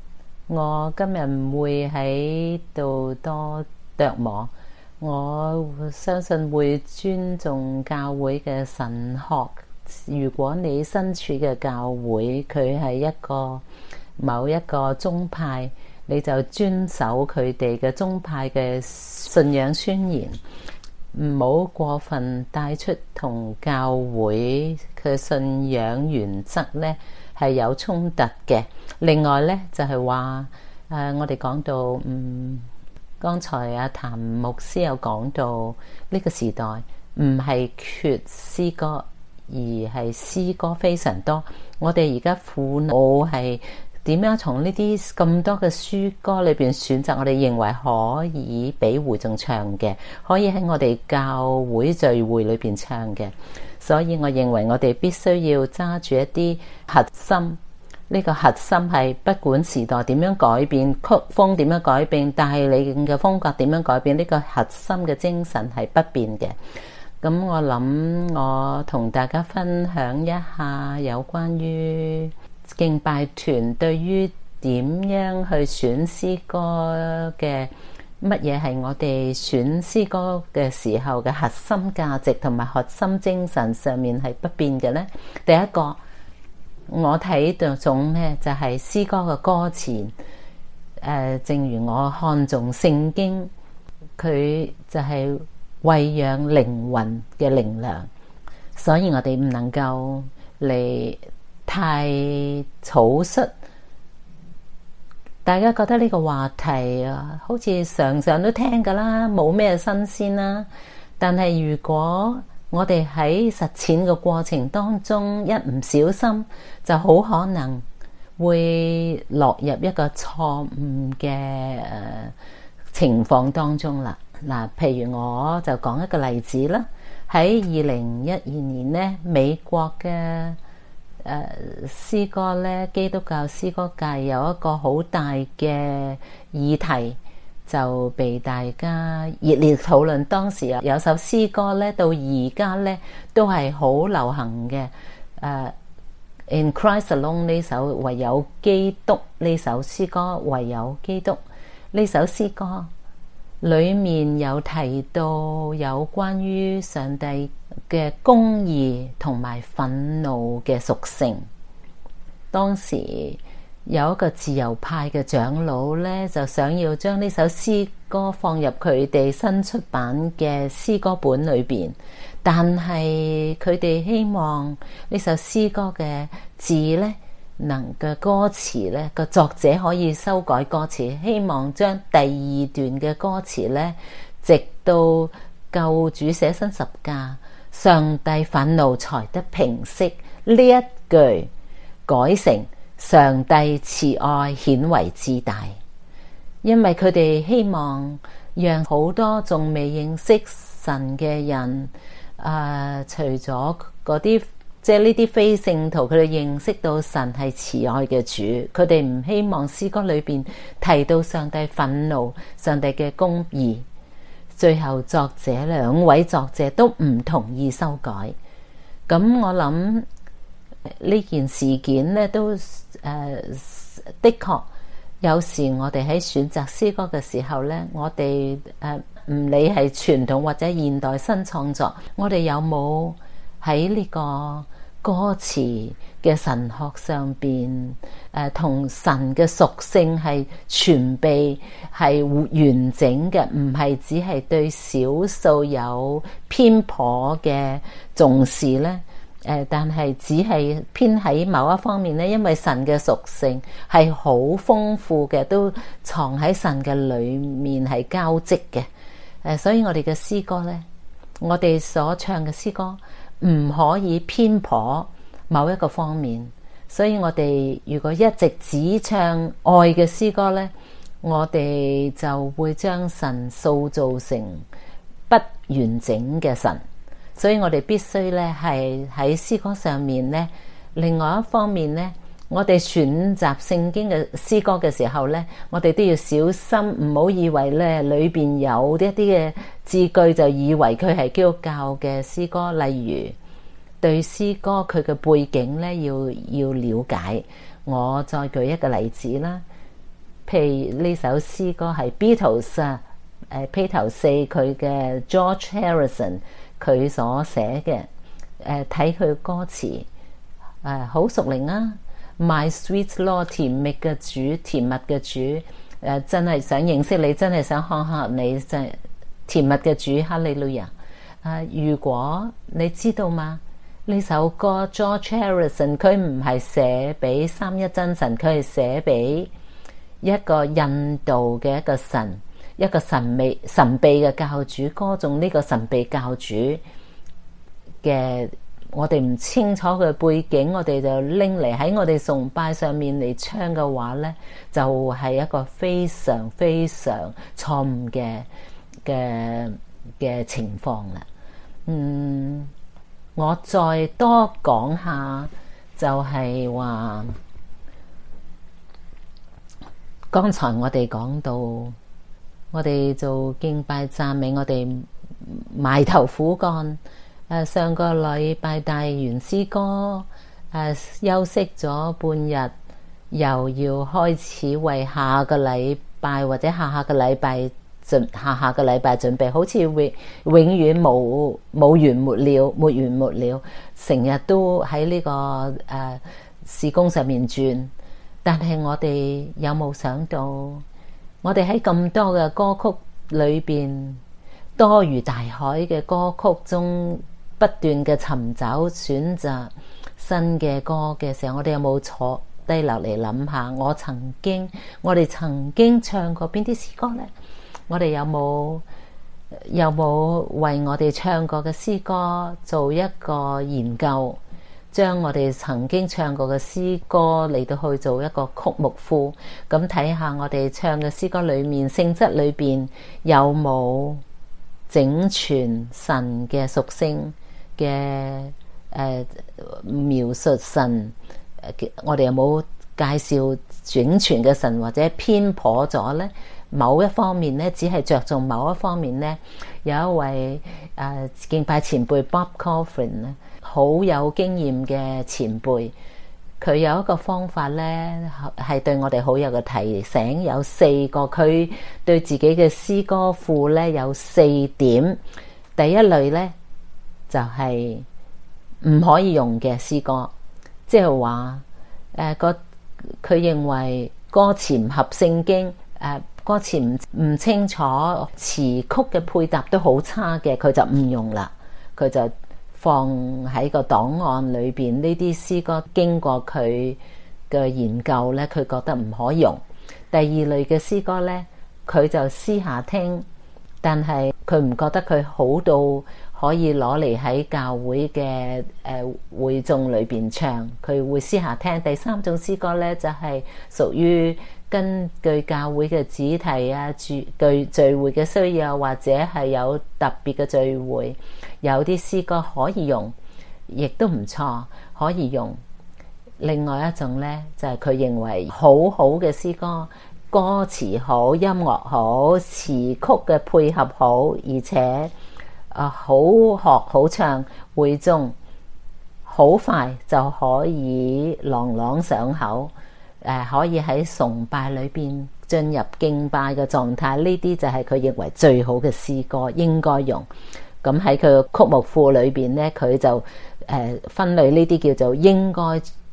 我今日唔會喺度多琢磨。我相信會尊重教會嘅神學。如果你身處嘅教會，佢係一個某一個宗派，你就遵守佢哋嘅宗派嘅信仰宣言。唔好過分帶出同教會嘅信仰原則呢，係有衝突嘅。另外呢，就係話，誒我哋講到，嗯，剛才阿、啊、譚牧師有講到，呢、這個時代唔係缺詩歌，而係詩歌非常多。我哋而家父母係。點樣從呢啲咁多嘅書歌裏邊選擇我哋認為可以俾會眾唱嘅，可以喺我哋教會聚會裏邊唱嘅？所以，我認為我哋必須要揸住一啲核心。呢個核心係不管時代點樣改變，曲風點樣改變，帶領嘅風格點樣改變，呢個核心嘅精神係不變嘅。咁我諗，我同大家分享一下有關於。敬拜團對於點樣去選詩歌嘅，乜嘢係我哋選詩歌嘅時候嘅核心價值同埋核心精神上面係不變嘅呢？第一個，我睇到種呢就係、是、詩歌嘅歌詞。誒、呃，正如我看重聖經，佢就係餵養靈魂嘅靈糧，所以我哋唔能夠嚟。太草率，大家覺得呢個話題啊，好似常常都聽㗎啦，冇咩新鮮啦。但係如果我哋喺實踐嘅過程當中一唔小心，就好可能會落入一個錯誤嘅誒、呃、情況當中啦。嗱、呃，譬如我就講一個例子啦，喺二零一二年呢，美國嘅。誒、uh，詩歌咧，基督教詩歌界有一個好大嘅議題，就被大家熱烈討論。當時啊，有首詩歌咧，到而家咧都係好流行嘅。誒，《In Christ Alone》呢首唯有基督呢首詩歌，唯有基督呢首詩歌，裡面有提到有關於上帝嘅公義同埋憤怒嘅屬性。當時有一個自由派嘅長老咧，就想要將呢首詩歌放入佢哋新出版嘅詩歌本裏邊，但係佢哋希望呢首詩歌嘅字呢，能嘅歌詞呢個作者可以修改歌詞，希望將第二段嘅歌詞呢，直到舊主寫新十架。上帝憤怒才得平息，呢一句，改成上帝慈愛顯為至大，因為佢哋希望讓好多仲未認識神嘅人，啊、呃，除咗嗰啲即係呢啲非聖徒，佢哋認識到神係慈愛嘅主，佢哋唔希望詩歌裏邊提到上帝憤怒、上帝嘅公義。最後，作者兩位作者都唔同意修改。咁我諗呢件事件呢，都誒、呃，的確有時我哋喺選擇詩歌嘅時候呢，我哋誒唔理係傳統或者現代新創作，我哋有冇喺呢個歌詞嘅神學上邊，誒、呃、同神嘅屬性係全備係完整嘅，唔係只係對少數有偏頗嘅重視咧。誒、呃，但係只係偏喺某一方面咧，因為神嘅屬性係好豐富嘅，都藏喺神嘅裏面係交織嘅。誒、呃，所以我哋嘅詩歌咧，我哋所唱嘅詩歌唔可以偏頗。某一個方面，所以我哋如果一直只唱愛嘅詩歌呢，我哋就會將神塑造成不完整嘅神。所以我哋必須呢，係喺詩歌上面呢，另外一方面呢，我哋選擇聖經嘅詩歌嘅時候呢，我哋都要小心，唔好以為呢裏邊有一啲嘅字句就以為佢係基督教嘅詩歌，例如。對詩歌佢嘅背景咧，要要了解。我再舉一個例子啦，譬如呢首詩歌係 Beatles 啊、披頭四佢嘅 George Harrison 佢所寫嘅誒。睇、啊、佢歌詞誒、啊、好熟練啊，My sweet Lord 甜蜜嘅主，甜蜜嘅主誒、啊，真係想認識你，真係想看看你，真係甜蜜嘅主，哈利路亞啊！如果你知道嘛？呢首歌《George Harrison》，佢唔係寫俾三一真神，佢係寫俾一個印度嘅一個神，一個神秘神秘嘅教主，歌頌呢個神秘教主嘅，我哋唔清楚佢背景，我哋就拎嚟喺我哋崇拜上面嚟唱嘅話呢就係、是、一個非常非常錯誤嘅嘅嘅情況啦。嗯。我再多講下，就係、是、話剛才我哋講到，我哋做敬拜讚美，我哋埋頭苦幹。誒、呃，上個禮拜帶完詩歌，誒、呃，休息咗半日，又要開始為下個禮拜或者下下個禮拜。下下個禮拜準備，好似永永遠冇冇完沒了，沒完沒了，成日都喺呢、這個誒事工上面轉。但係我哋有冇想到，我哋喺咁多嘅歌曲裏邊，多如大海嘅歌曲中不斷嘅尋找選擇新嘅歌嘅時候，我哋有冇坐低落嚟諗下想想？我曾經，我哋曾經唱過邊啲詩歌呢？我哋有冇有冇為我哋唱過嘅詩歌做一個研究？將我哋曾經唱過嘅詩歌嚟到去做一個曲目庫，咁睇下我哋唱嘅詩歌裏面性質裏邊有冇整全神嘅屬性嘅誒、呃、描述神？呃、我哋有冇介紹整全嘅神或者偏頗咗咧？某一方面咧，只係着重某一方面咧。有一位誒、呃、敬拜前輩 Bob Coffin 咧，好有經驗嘅前輩。佢有一個方法咧，係對我哋好有個提醒。有四個佢對自己嘅詩歌庫咧，有四點。第一類咧就係、是、唔可以用嘅詩歌，即係話誒個佢認為歌詞唔合聖經誒。呃歌詞唔唔清楚，詞曲嘅配搭都好差嘅，佢就唔用啦。佢就放喺個檔案裏邊。呢啲詩歌經過佢嘅研究呢，佢覺得唔可用。第二類嘅詩歌呢，佢就私下聽，但係佢唔覺得佢好到，可以攞嚟喺教會嘅誒會眾裏邊唱，佢會私下聽。第三種詩歌咧，就係屬於根據教會嘅主題啊聚聚聚會嘅需要，或者係有特別嘅聚會，有啲詩歌可以用，亦都唔錯，可以用。另外一種咧，就係佢認為好好嘅詩歌，歌詞好，音樂好，詞曲嘅配合好，而且。啊，好學好唱，會眾，好快就可以朗朗上口。誒、呃，可以喺崇拜裏邊進入敬拜嘅狀態。呢啲就係佢認為最好嘅詩歌應該用。咁喺佢嘅曲目庫裏邊呢，佢就誒、呃、分類呢啲叫做應該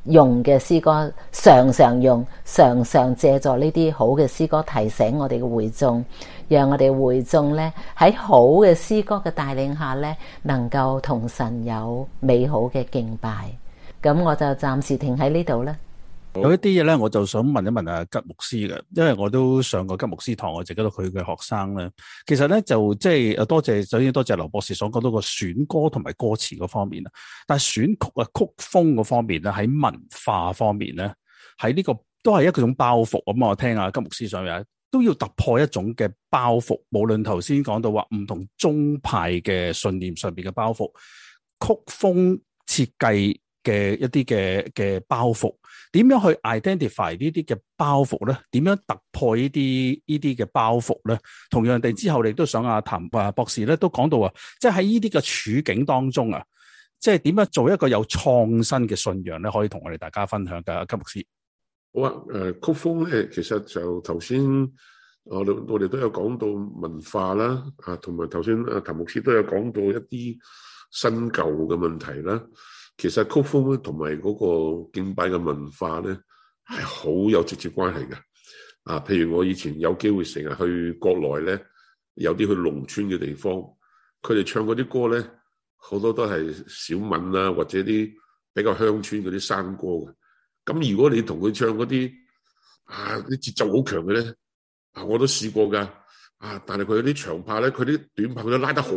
用嘅詩歌，常常用，常常借助呢啲好嘅詩歌提醒我哋嘅會眾。讓我哋會眾咧喺好嘅詩歌嘅帶領下咧，能夠同神有美好嘅敬拜。咁我就暫時停喺呢度啦。有一啲嘢咧，我就想問一問啊吉牧師嘅，因為我都上過吉牧師堂，我亦都到佢嘅學生咧。其實咧就即係啊，多謝首先多謝劉博士所講到個選歌同埋歌詞嗰方面啦。但係選曲啊曲風嗰方面咧，喺文化方面咧，喺呢、這個都係一個種包袱。咁我聽下吉牧師上面。都要突破一種嘅包袱，無論頭先講到話唔同宗派嘅信念上面嘅包袱，曲風設計嘅一啲嘅嘅包袱，點樣去 identify 呢啲嘅包袱咧？點樣突破呢啲呢啲嘅包袱咧？同樣地，之後你都想阿譚阿博士咧，都講到啊，即係喺呢啲嘅處境當中啊，即係點樣做一個有創新嘅信仰咧？可以同我哋大家分享嘅阿吉牧師。好啊！誒曲風咧，其實就頭先我我哋都有講到文化啦，啊，同埋頭先啊譚牧師都有講到一啲新舊嘅問題啦。其實曲風咧，同埋嗰個敬拜嘅文化咧，係好有直接關係嘅。啊，譬如我以前有機會成日去國內咧，有啲去農村嘅地方，佢哋唱嗰啲歌咧，好多都係小敏啦、啊，或者啲比較鄉村嗰啲山歌嘅。咁如果你同佢唱嗰啲啊啲節奏好強嘅咧，啊我都試過噶啊，但係佢有啲長拍咧，佢啲短拍都拉得好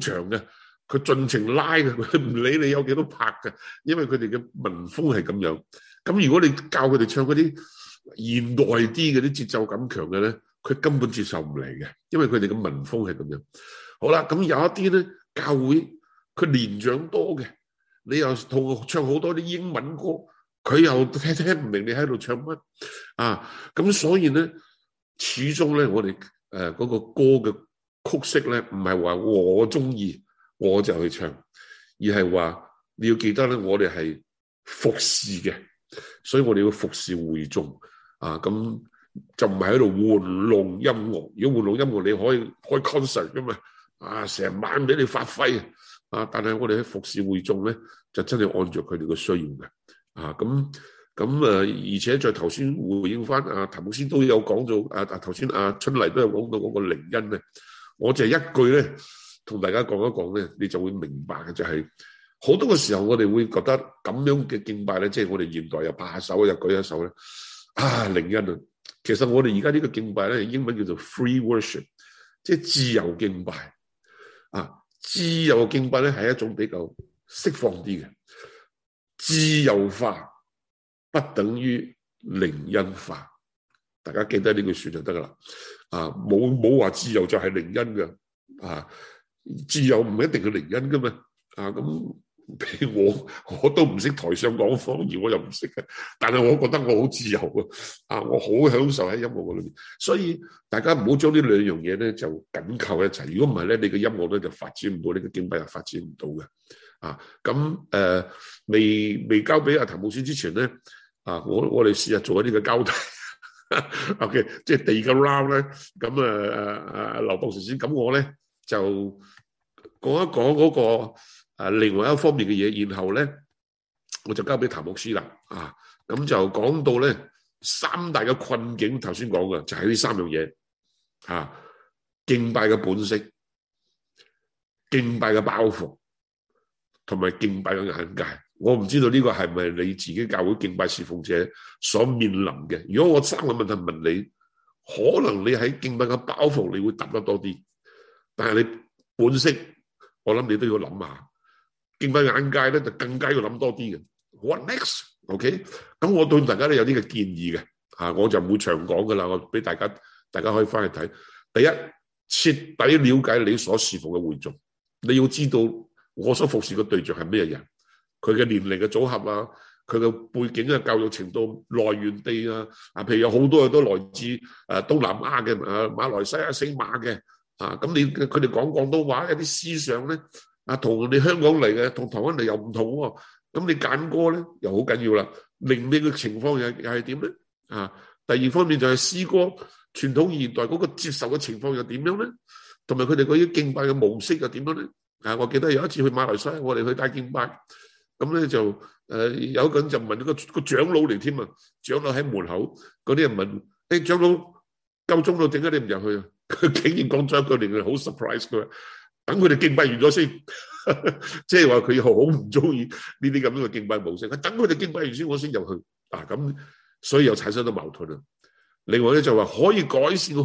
長嘅，佢盡情拉嘅，佢唔理你有幾多拍嘅，因為佢哋嘅民風係咁樣。咁如果你教佢哋唱嗰啲現代啲嘅啲節奏感強嘅咧，佢根本接受唔嚟嘅，因為佢哋嘅民風係咁樣。好啦，咁有一啲咧教會佢年長多嘅，你又同佢唱好多啲英文歌，佢又聽聽唔明你喺度唱乜啊？咁、啊、所以咧，始終咧，我哋誒嗰個歌嘅曲式咧，唔係話我中意我就去唱，而係話你要記得咧，我哋係服侍嘅，所以我哋要服侍會眾啊。咁就唔係喺度玩弄音樂。如果玩弄音樂，你可以開 concert 噶嘛？啊，成晚俾你發揮啊！但係我哋喺服侍會眾咧，就真係按照佢哋嘅需要嘅。啊，咁咁啊，而且在頭先回應翻啊，頭先都有講到啊，頭先阿春麗都有講到嗰個靈恩咧。我就係一句咧，同大家講一講咧，你就會明白嘅，就係、是、好多嘅時候我哋會覺得咁樣嘅敬拜咧，即係我哋現代又拍下手又舉一手咧。啊，靈恩啊，其實我哋而家呢個敬拜咧，英文叫做 free worship，即係自由敬拜。啊，自由嘅敬拜咧係一種比較釋放啲嘅。自由化不等於零音化，大家記得呢句說就得噶啦。啊，冇冇話自由就係零音噶。啊，自由唔一定係零音噶嘛。啊，咁譬如我我都唔識台上講方言，而我又唔識嘅，但係我覺得我好自由啊。啊，我好享受喺音樂嘅裏邊。所以大家唔好將呢兩樣嘢咧就緊扣一齊。如果唔係咧，你嘅音樂咧就發展唔到，你嘅境界又發展唔到嘅。啊，咁誒未未交俾阿譚牧師之前咧，啊，我我哋試下做一啲嘅交代 ，OK，即係第二個 round 咧，咁啊啊啊，劉博士先，咁、嗯、我咧就講一講嗰個另外一方面嘅嘢，然後咧我就交俾譚牧師啦，啊，咁、啊、就講到咧三大嘅困境，頭先講嘅就係、是、呢三樣嘢，嚇、啊，敬拜嘅本色，敬拜嘅包袱。同埋敬拜嘅眼界，我唔知道呢個係咪你自己教會敬拜侍奉者所面臨嘅。如果我三個問題問你，可能你喺敬拜嘅包袱，你會揼得多啲，但係你本色，我諗你都要諗下敬拜眼界咧，就更加要諗多啲嘅。What next？OK？、Okay? 咁我對大家都有呢個建議嘅，吓我就唔會長講噶啦，我俾大家大家可以翻去睇。第一，徹底了解你所侍奉嘅會眾，你要知道。我所服侍嘅對象係咩人？佢嘅年齡嘅組合啊，佢嘅背景嘅教育程度，來源地啊，譬如有好多嘢都來自東南亞嘅馬來西亞、星馬嘅啊，咁你佢哋講廣東話，一啲思想呢，同你香港嚟嘅、同台灣嚟又唔同喎，咁你揀歌呢，又好緊要啦。明呢個情況又又係點呢？啊，第二方面就係詩歌，傳統現代嗰個接受嘅情況又點樣呢？同埋佢哋嗰啲敬拜嘅模式又點樣呢？啊！我記得有一次去馬來西亞，我哋去大敬拜，咁咧就誒有一個人就問那個、那個長老嚟添啊，長老喺門口嗰啲人問，誒、hey, 長老夠鐘到點解你唔入去啊？佢竟然講咗一句嚟，好 surprise 佢。等佢哋敬拜完咗先，即係話佢好唔中意呢啲咁樣嘅敬拜模式。等佢哋敬拜完先，我先入去。嗱、啊、咁，所以又產生咗矛盾啦。另外咧就話可以改善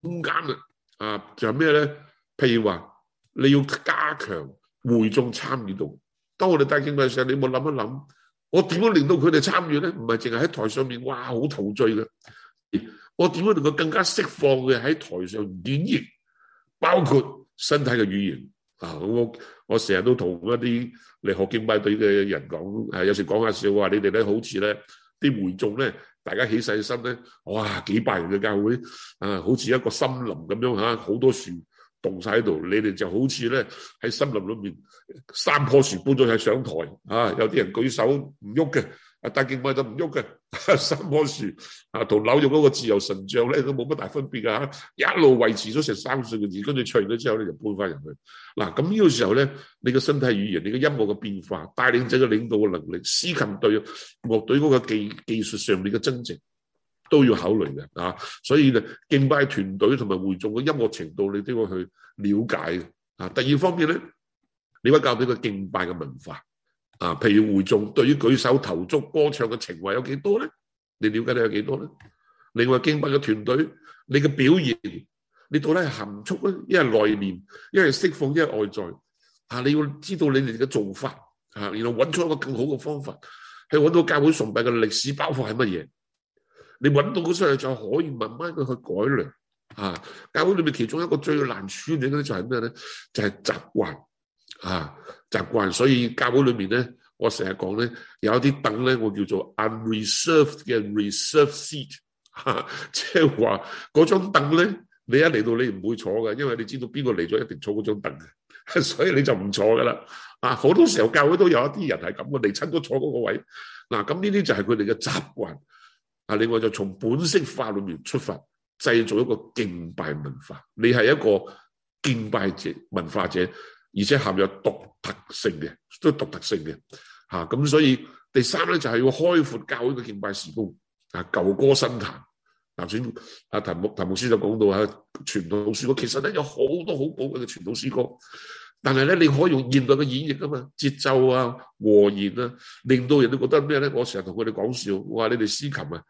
空間啦。啊，仲有咩咧？譬如話。你要加強會眾參與度。當我哋帶敬拜嘅時候，你有冇諗一諗，我點樣令到佢哋參與咧？唔係淨係喺台上面，哇，好陶醉嘅。我點樣令佢更加釋放嘅喺台上演繹，包括身體嘅語言啊！我我成日都同一啲嚟學敬拜隊嘅人講，係有時講下笑話，你哋咧好似咧啲會眾咧，大家起晒身咧，哇，幾百人嘅教會啊，好似一個森林咁樣吓，好多樹。動晒喺度，你哋就好似咧喺森林裏面三棵樹搬咗去上台啊！有啲人舉手唔喐嘅，阿戴敬偉都唔喐嘅，三棵樹啊同紐約嗰個自由神像咧都冇乜大分別噶吓，一路維持咗成三、四、五字，跟住唱完咗之後咧就搬翻入去。嗱、啊，咁呢個時候咧，你個身體語言、你個音樂嘅變化、帶領者嘅領導嘅能力、司琴隊樂隊嗰個技技術上面嘅增值。都要考慮嘅啊，所以咧敬拜團隊同埋會眾嘅音樂程度，你都要去了解嘅啊。第二方面咧，你會教俾佢敬拜嘅文化啊，譬如會眾對於舉手投足、歌唱嘅情懷有幾多咧？你了解你有幾多咧？另外敬拜嘅團隊，你嘅表現你到底係含蓄咧，一係內斂，一係釋放，一係外在啊。你要知道你哋嘅做法啊，然後揾出一個更好嘅方法，去揾到教會崇拜嘅歷史包袱係乜嘢？你揾到佢出嚟就可以慢慢去改良啊！教會裏面其中一個最難處理嘅咧就係咩咧？就係習慣啊！習慣，所以教會裏面咧，我成日講咧，有一啲凳咧，我叫做 unreserved 嘅 reserved seat，即係話嗰張凳咧，你一嚟到你唔會坐嘅，因為你知道邊個嚟咗一定坐嗰張凳嘅，所以你就唔坐噶啦啊！好多時候教會都有一啲人係咁嘅，嚟親都坐嗰個位嗱，咁呢啲就係佢哋嘅習慣。啊！另外就從本色化裡面出發，製造一個敬拜文化。你係一個敬拜者文化者，而且含有獨特性嘅，都獨特性嘅。嚇、啊、咁，所以第三咧就係、是、要開闊教會嘅敬拜時光。啊，舊歌新彈。嗱、啊，頭先阿譚木譚木師就講到啊，傳統詩歌其實咧有好多好寶貴嘅傳統詩歌，但係咧你可以用現代嘅演繹啊嘛，節奏啊、和弦啊，令到人都覺得咩咧？我成日同佢哋講笑，我話你哋詩琴啊！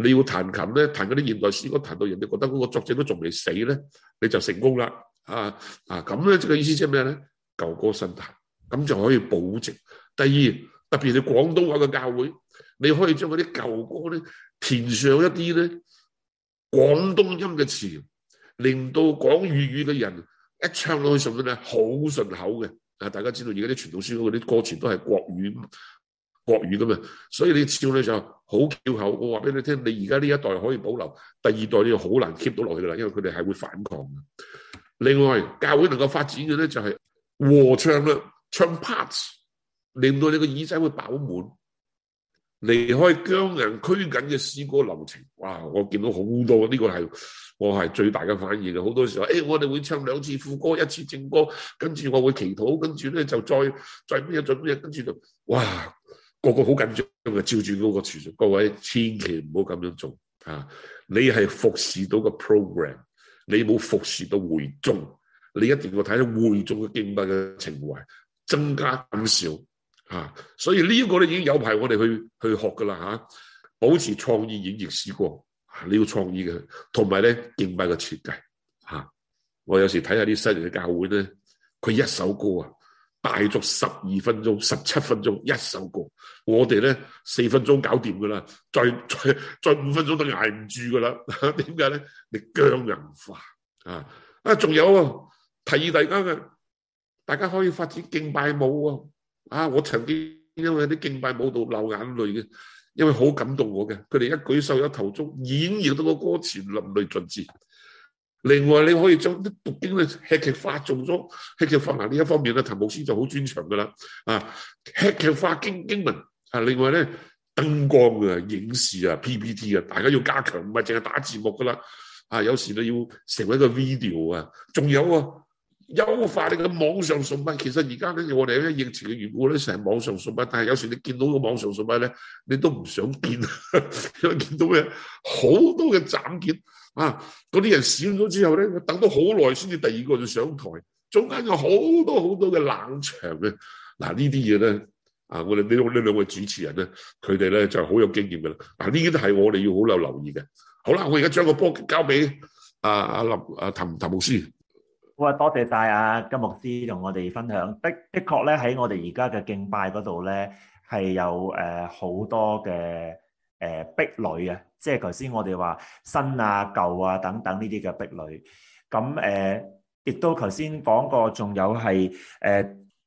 你要彈琴咧，彈嗰啲現代詩歌，彈到人哋覺得嗰個作者都仲未死咧，你就成功啦！啊啊咁咧，即個意思即係咩咧？舊歌新彈，咁就可以保值。第二，特別你廣東話嘅教會，你可以將嗰啲舊歌咧填上一啲咧廣東音嘅詞，令到講粵語嘅人一唱落去上面咧好順口嘅。啊，大家知道而家啲傳統詩歌嗰啲歌詞都係國語。國語噶嘛，所以你唱咧就好翹口。我話俾你聽，你而家呢一代可以保留，第二代你好難 keep 到落去噶啦，因為佢哋係會反抗。另外教會能夠發展嘅咧就係和唱啦，唱 parts，令到你個耳仔會飽滿。離開僵人拘謹嘅詩歌流程，哇！我見到好多呢個係我係最大嘅反應嘅。好多時候，誒、哎，我哋會唱兩次副歌，一次正歌，跟住我會祈禱，跟住咧就再再乜嘢再乜嘢，跟住就哇！個個好緊張嘅，照住嗰個傳統，各位千祈唔好咁樣做啊！你係服侍到個 program，你冇服侍到會眾，你一定要睇到會眾嘅敬拜嘅情懷，增加減少啊！所以呢個咧已經有排我哋去去學噶啦吓，保持創意演繹詩歌，你要創意嘅，同埋咧敬拜嘅設計吓。我有時睇下啲新人嘅教會咧，佢一首歌啊！大作十二分鐘、十七分鐘一首歌，我哋咧四分鐘搞掂噶啦，再再再五分鐘都捱唔住噶啦。點解咧？你僵人化啊！啊，仲有啊，提議大家嘅，大家可以發展敬拜舞啊！啊，我曾經因為啲敬拜舞蹈流眼淚嘅，因為好感動我嘅，佢哋一舉手一投足演繹到個歌詞，淋漓盡致。另外你可以將啲讀經咧戲劇化，做咗戲劇化。嗱呢一方面咧，譚牧師就好專長噶啦。啊，戲劇化經經文啊，另外咧燈光啊、影視啊、PPT 啊，大家要加強，唔係淨係打字幕噶啦。啊，有時你要成為一個 video 啊，仲有啊，優化你嘅網上送麥。其實而家咧，我哋咧疫情嘅緣故咧，成日網上送麥。但係有時你見到嘅網上送麥咧，你都唔想見， 因見到嘅好多嘅斬件。啊！嗰啲人少咗之後咧，等咗好耐先至第二個就上台，中間有好多好多嘅冷場嘅。嗱呢啲嘢咧，啊，呢啊我哋呢呢兩位主持人咧，佢哋咧就係好有經驗嘅啦。嗱呢啲都係我哋要好有留意嘅。好啦，我而家將個波交俾阿阿林阿譚譚牧師。我話多謝曬阿金牧師同我哋分享的的確，咧，喺我哋而家嘅敬拜嗰度咧，係有誒好多嘅。誒、呃，壁壘啊，即係頭先我哋話新啊、舊啊等等呢啲嘅壁壘，咁誒、亦、呃、都頭先講過，仲有係誒、呃、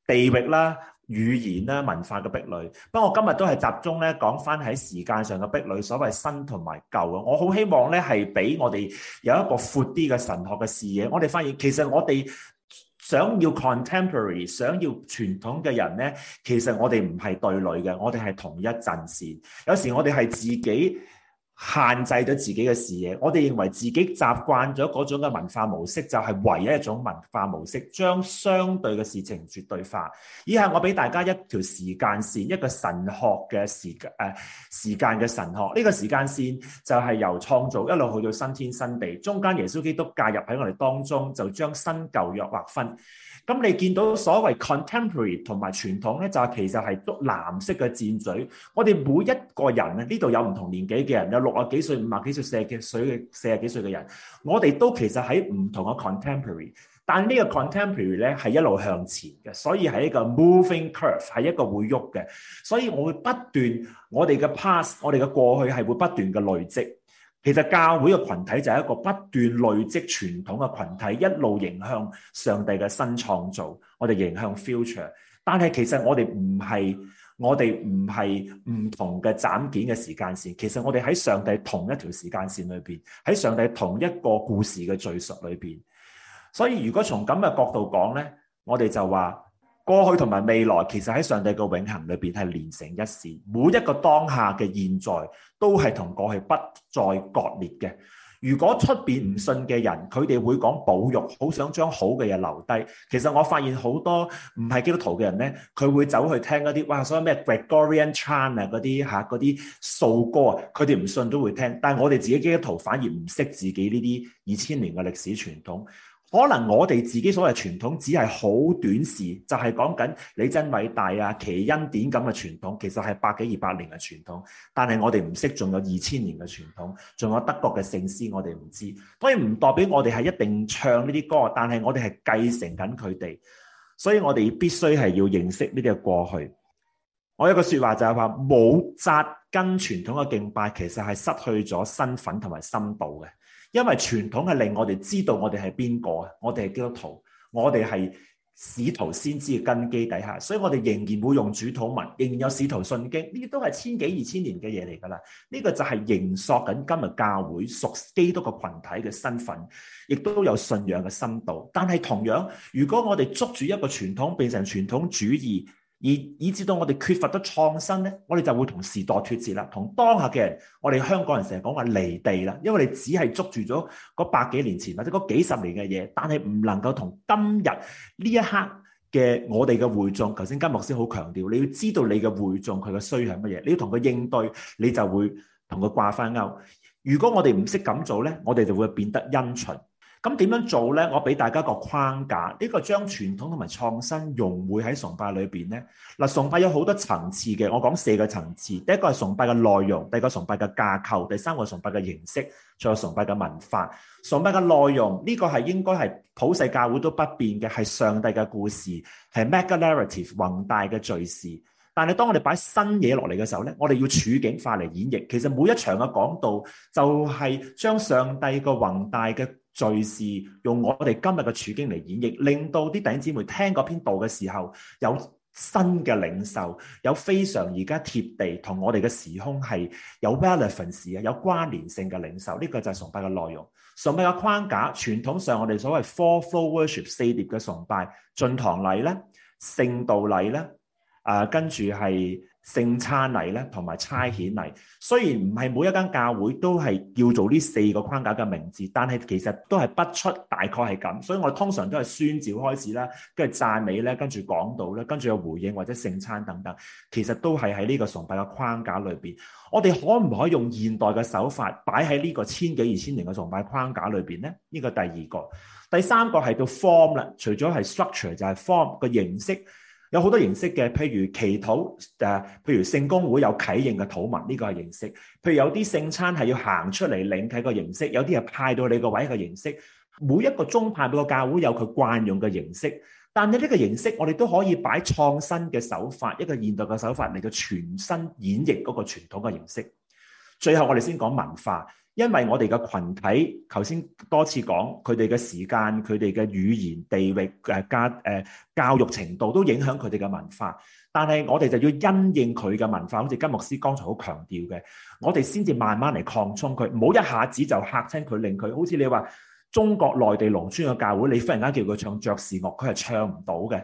地域啦、啊、語言啦、啊、文化嘅壁壘。不過我今日都係集中咧講返喺時間上嘅壁壘，所謂新同埋舊啊。我好希望咧係俾我哋有一個闊啲嘅神學嘅視野。我哋發現，其實我哋。想要 contemporary，想要傳統嘅人呢，其實我哋唔係對壘嘅，我哋係同一陣線。有時我哋係自己限制咗自己嘅視野，我哋認為自己習慣咗嗰種嘅文化模式就係唯一一種文化模式，將相對嘅事情絕對化。以下我俾大家一條時間線，一個神學嘅時誒、呃、時間嘅神學，呢、這個時間線就係由創造一路去到新天新地，中間耶穌基督介入喺我哋當中，就將新舊約劃分。咁你見到所謂 contemporary 同埋傳統咧，就係其實係藍色嘅箭嘴。我哋每一個人咧，呢度有唔同年紀嘅人，有六十幾歲、五十幾歲、四十幾歲嘅四十幾歲嘅人。我哋都其實喺唔同嘅 contemporary，但呢個 contemporary 咧，係一路向前嘅，所以係一個 moving curve，係一個會喐嘅。所以我會不斷我哋嘅 past，我哋嘅過去係會不斷嘅累積。其實教會嘅群體就係一個不斷累積傳統嘅群體，一路迎向上帝嘅新創造。我哋迎向 future，但係其實我哋唔係我哋唔係唔同嘅斬件嘅時間線。其實我哋喺上帝同一條時間線裏邊，喺上帝同一個故事嘅敘述裏邊。所以如果從咁嘅角度講呢，我哋就話。過去同埋未來，其實喺上帝嘅永恒裏邊係連成一線，每一個當下嘅現在都係同過去不再割裂嘅。如果出邊唔信嘅人，佢哋會講保育，想好想將好嘅嘢留低。其實我發現好多唔係基督徒嘅人呢，佢會走去聽嗰啲哇，所謂咩 Gregorian chant 啊，嗰啲吓，嗰啲素歌啊，佢哋唔信都會聽。但係我哋自己基督徒反而唔識自己呢啲二千年嘅歷史傳統。可能我哋自己所謂傳統，只係好短視，就係講緊你真偉大啊，奇恩典咁嘅傳統，其實係百幾二百年嘅傳統。但係我哋唔識，仲有二千年嘅傳統，仲有德國嘅聖詩，我哋唔知。當然唔代表我哋係一定唱呢啲歌，但係我哋係繼承緊佢哋。所以我哋必須係要認識呢啲嘅過去。我有個説話就係話，冇扎根傳統嘅敬拜，其實係失去咗身份同埋深度嘅。因為傳統係令我哋知道我哋係邊個啊，我哋係基督徒，我哋係使徒先知嘅根基底下，所以我哋仍然會用主禱文，仍然有使徒信經，呢啲都係千幾二千年嘅嘢嚟噶啦。呢、這個就係凝索緊今日教會屬基督嘅群體嘅身份，亦都有信仰嘅深度。但係同樣，如果我哋捉住一個傳統變成傳統主義，而以至到我哋缺乏咗創新呢，我哋就會同時代脫節啦，同當下嘅人。我哋香港人成日講話離地啦，因為你只係捉住咗嗰百幾年前或者嗰幾十年嘅嘢，但係唔能夠同今日呢一刻嘅我哋嘅會眾。頭先金牧師好強調，你要知道你嘅會眾佢嘅需求乜嘢，你要同佢應對，你就會同佢掛返鈎。如果我哋唔識咁做呢，我哋就會變得因循。咁點樣做呢？我俾大家個框架，呢個將傳統同埋創新融會喺崇拜裏邊呢。嗱，崇拜有好多層次嘅，我講四個層次。第一個係崇拜嘅內容，第二個崇拜嘅架構，第三個崇拜嘅形式，再有崇拜嘅文化。崇拜嘅內容呢個係應該係普世教會都不變嘅，係上帝嘅故事，係 meta-narrative 宏大嘅敘事。但係當我哋擺新嘢落嚟嘅時候呢，我哋要處境化嚟演繹。其實每一場嘅講道就係將上帝個宏大嘅。敘事用我哋今日嘅處境嚟演繹，令到啲弟兄姊妹聽嗰篇道嘅時候有新嘅領受，有非常而家貼地同我哋嘅時空係有 relevance 啊，有關聯性嘅領受，呢個就係崇拜嘅內容。崇拜嘅框架，傳統上我哋所謂 fourfold worship 四碟嘅崇拜，進堂禮咧，聖道禮咧，誒、呃，跟住係。聖餐禮咧，同埋差遣禮，雖然唔係每一間教會都係叫做呢四個框架嘅名字，但係其實都係不出大概係咁。所以我通常都係宣召開始啦，跟住讚美咧，跟住講道咧，跟住有回應或者聖餐等等，其實都係喺呢個崇拜嘅框架裏邊。我哋可唔可以用現代嘅手法擺喺呢個千幾二千年嘅崇拜框架裏邊咧？呢個第二個，第三個係到 form 啦，除咗係 structure 就係 form 個形式。有好多形式嘅，譬如祈禱，誒，譬如聖公會有啟應嘅禱文，呢個係形式，譬如有啲聖餐係要行出嚟領取個形式，有啲係派到你個位嘅形式。每一個宗派每個教會有佢慣用嘅形式，但係呢個形式，我哋都可以擺創新嘅手法，一個現代嘅手法嚟到全新演繹嗰個傳統嘅形式。最後，我哋先講文化。因為我哋嘅群體，頭先多次講佢哋嘅時間、佢哋嘅語言、地域、誒教誒教育程度，都影響佢哋嘅文化。但係我哋就要因應佢嘅文化，好似金牧師剛才好強調嘅，我哋先至慢慢嚟擴充佢，唔好一下子就嚇親佢，令佢好似你話中國內地農村嘅教會，你忽然間叫佢唱爵士樂，佢係唱唔到嘅。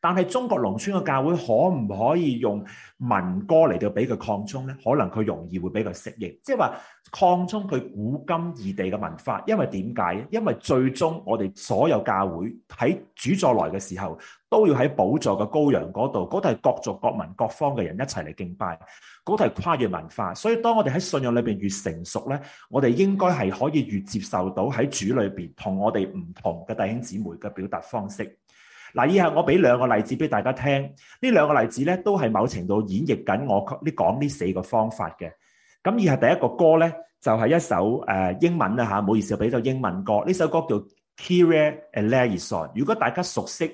但係中國農村嘅教會可唔可以用民歌嚟到俾佢擴充呢？可能佢容易會比較適應，即係話。擴充佢古今異地嘅文化，因為點解？因為最終我哋所有教會喺主座來嘅時候，都要喺寶座嘅羔羊嗰度，嗰度係各族各民各方嘅人一齊嚟敬拜，嗰度係跨越文化。所以當我哋喺信仰裏邊越成熟咧，我哋應該係可以越接受到喺主裏邊同我哋唔同嘅弟兄姊妹嘅表達方式。嗱，以下我俾兩個例子俾大家聽，呢兩個例子咧都係某程度演繹緊我呢講呢四個方法嘅。咁而係第一個歌咧，就係一首誒英文啦，吓，唔好意思，俾咗英文歌。呢首歌叫 Kyrie Eleison。如果大家熟悉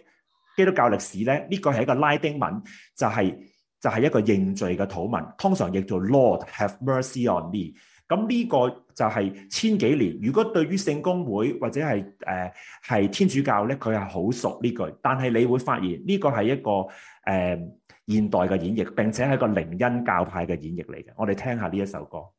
基督教歷史咧，呢個係一個拉丁文，就係就係一個認罪嘅禱文，通常亦叫 Lord have mercy on me。咁呢個就係千幾年。如果對於聖公會或者係誒係天主教咧，佢係好熟呢句。但係你會發現呢個係一個誒。現代嘅演繹，並且係一個靈恩教派嘅演繹嚟嘅。我哋聽下呢一首歌。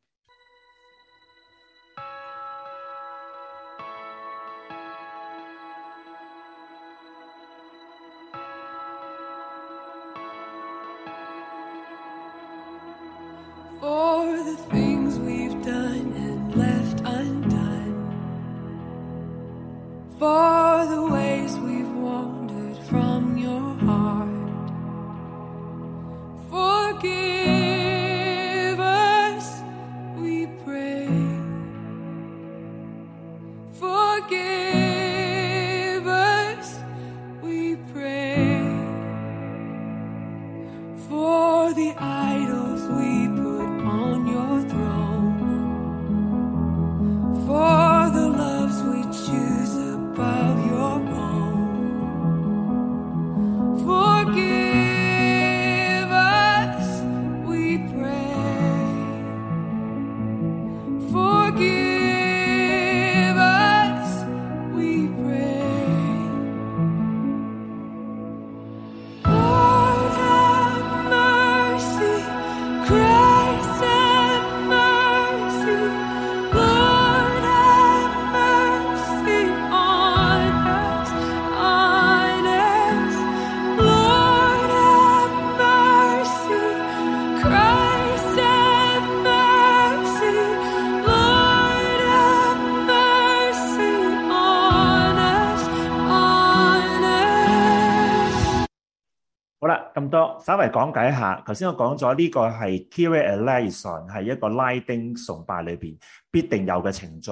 咁多，稍微講解一下。頭先我講咗呢個係 Kyrie Eleison 係一個拉丁崇拜裏邊必定有嘅程序，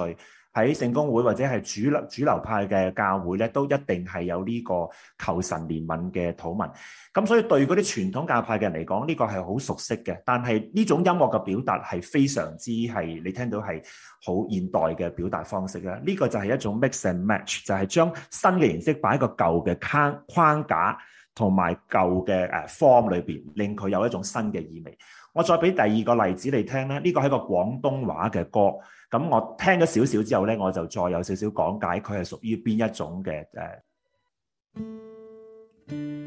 喺聖公會或者係主流主流派嘅教會咧，都一定係有呢個求神憐憫嘅禱文。咁所以對嗰啲傳統教派嘅人嚟講，呢、這個係好熟悉嘅。但係呢種音樂嘅表達係非常之係你聽到係好現代嘅表達方式啦。呢、這個就係一種 mix and match，就係將新嘅形式擺喺個舊嘅框框架。同埋舊嘅誒 form 裏邊，令佢有一種新嘅意味。我再俾第二個例子嚟聽咧，呢個係個廣東話嘅歌。咁我聽咗少少之後咧，我就再有少少講解佢係屬於邊一種嘅誒。Uh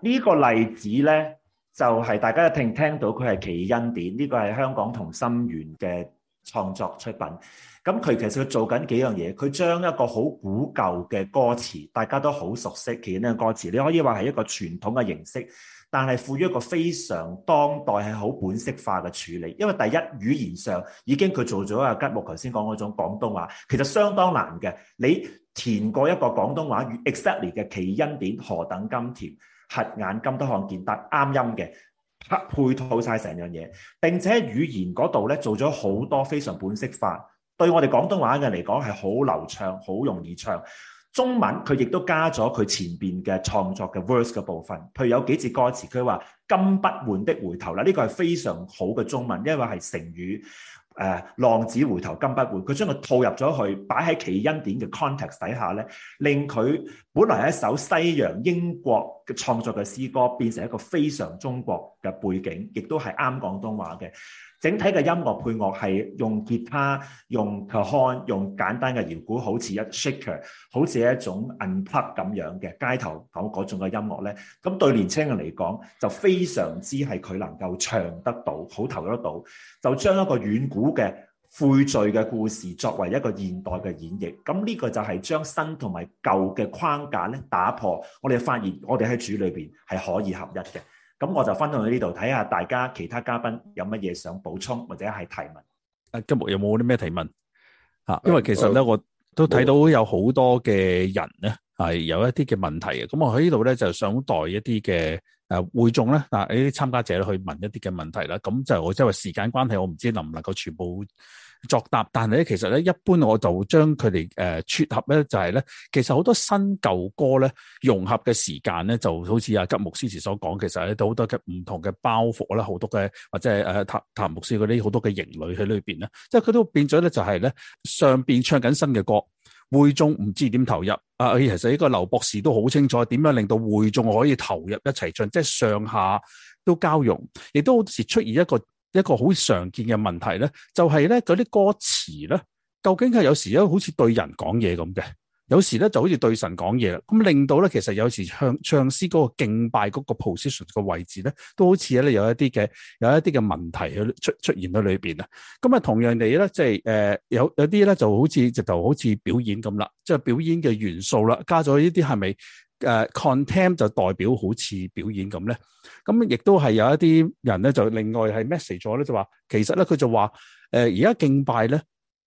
呢個例子咧，就係、是、大家一聽，聽到佢係《奇異恩典》這，呢個係香港同心源嘅創作出品。咁、嗯、佢其實佢做緊幾樣嘢，佢將一個好古舊嘅歌詞，大家都好熟悉。《奇異恩典》呢嘅歌詞，你可以話係一個傳統嘅形式，但係賦予一個非常當代、係好本色化嘅處理。因為第一語言上已經佢做咗阿吉木頭先講嗰種廣東話，其實相當難嘅。你填過一個廣東話《exactly》嘅《奇異恩典》，何等甘甜！核眼咁多項見得啱音嘅，配配套晒成樣嘢，並且語言嗰度咧做咗好多非常本色化，對我哋廣東話嘅嚟講係好流暢、好容易唱。中文佢亦都加咗佢前邊嘅創作嘅 verse 嘅部分，譬如有幾節歌詞，佢話金不換的回頭啦，呢個係非常好嘅中文，因為係成語。誒，浪子回頭金不換，佢將佢套入咗去擺喺奇恩典嘅 context 底下咧，令佢本來係一首西洋英國嘅創作嘅詩歌，變成一個非常中國嘅背景，亦都係啱廣東話嘅。整體嘅音樂配樂係用吉他、用 cajon 用簡單嘅搖鼓，好似一 shaker，好似一種 unplugged 咁樣嘅街頭咁嗰種嘅音樂咧。咁對年青人嚟講就非常之係佢能夠唱得到，好投得到。就將一個遠古嘅悔罪嘅故事作為一個現代嘅演繹。咁呢個就係將新同埋舊嘅框架咧，打破。我哋發現我哋喺主裏邊係可以合一嘅。咁我就分享到呢度，睇下大家其他嘉賓有乜嘢想補充，或者係提問。今日有冇啲咩提問？嚇，因為其實咧，我都睇到有好多嘅人咧係有一啲嘅問題嘅。咁我喺呢度咧就想代一啲嘅誒會眾咧嗱呢啲參加者去問一啲嘅問題啦。咁就係我即係話時間關係，我唔知能唔能夠全部作答，但係咧，其實咧，一般我就將佢哋誒撮合咧，就係咧，其實好多新舊歌咧，融合嘅時間咧，就好似阿吉牧師時所講，其實咧都好多嘅唔同嘅包袱啦，好多嘅或者係誒塔塔姆牧師嗰啲好多嘅型女喺裏邊咧，即係佢都變咗咧，就係咧上邊唱緊新嘅歌，會眾唔知點投入。啊，其實呢個劉博士都好清楚點樣令到會眾可以投入一齊唱，即係上下都交融，亦都好似出現一個，一個好常見嘅問題咧，就係咧嗰啲歌詞咧，究竟係有時咧好似對人講嘢咁嘅，有時咧就好似對神講嘢啦。咁令到咧，其實有時唱唱詩嗰個敬拜嗰個 position 個位置咧，都好似咧有一啲嘅，有一啲嘅問題去出出，出現喺裏邊啊。咁啊，同樣地咧即係誒，有有啲咧就好似就就好似表演咁啦，即係表演嘅元素啦，加咗呢啲係咪？誒、uh, contem 就代表好似表演咁咧，咁、嗯、亦都係有一啲人咧就另外係 message 咗咧就話，其實咧佢就話誒而家敬拜咧，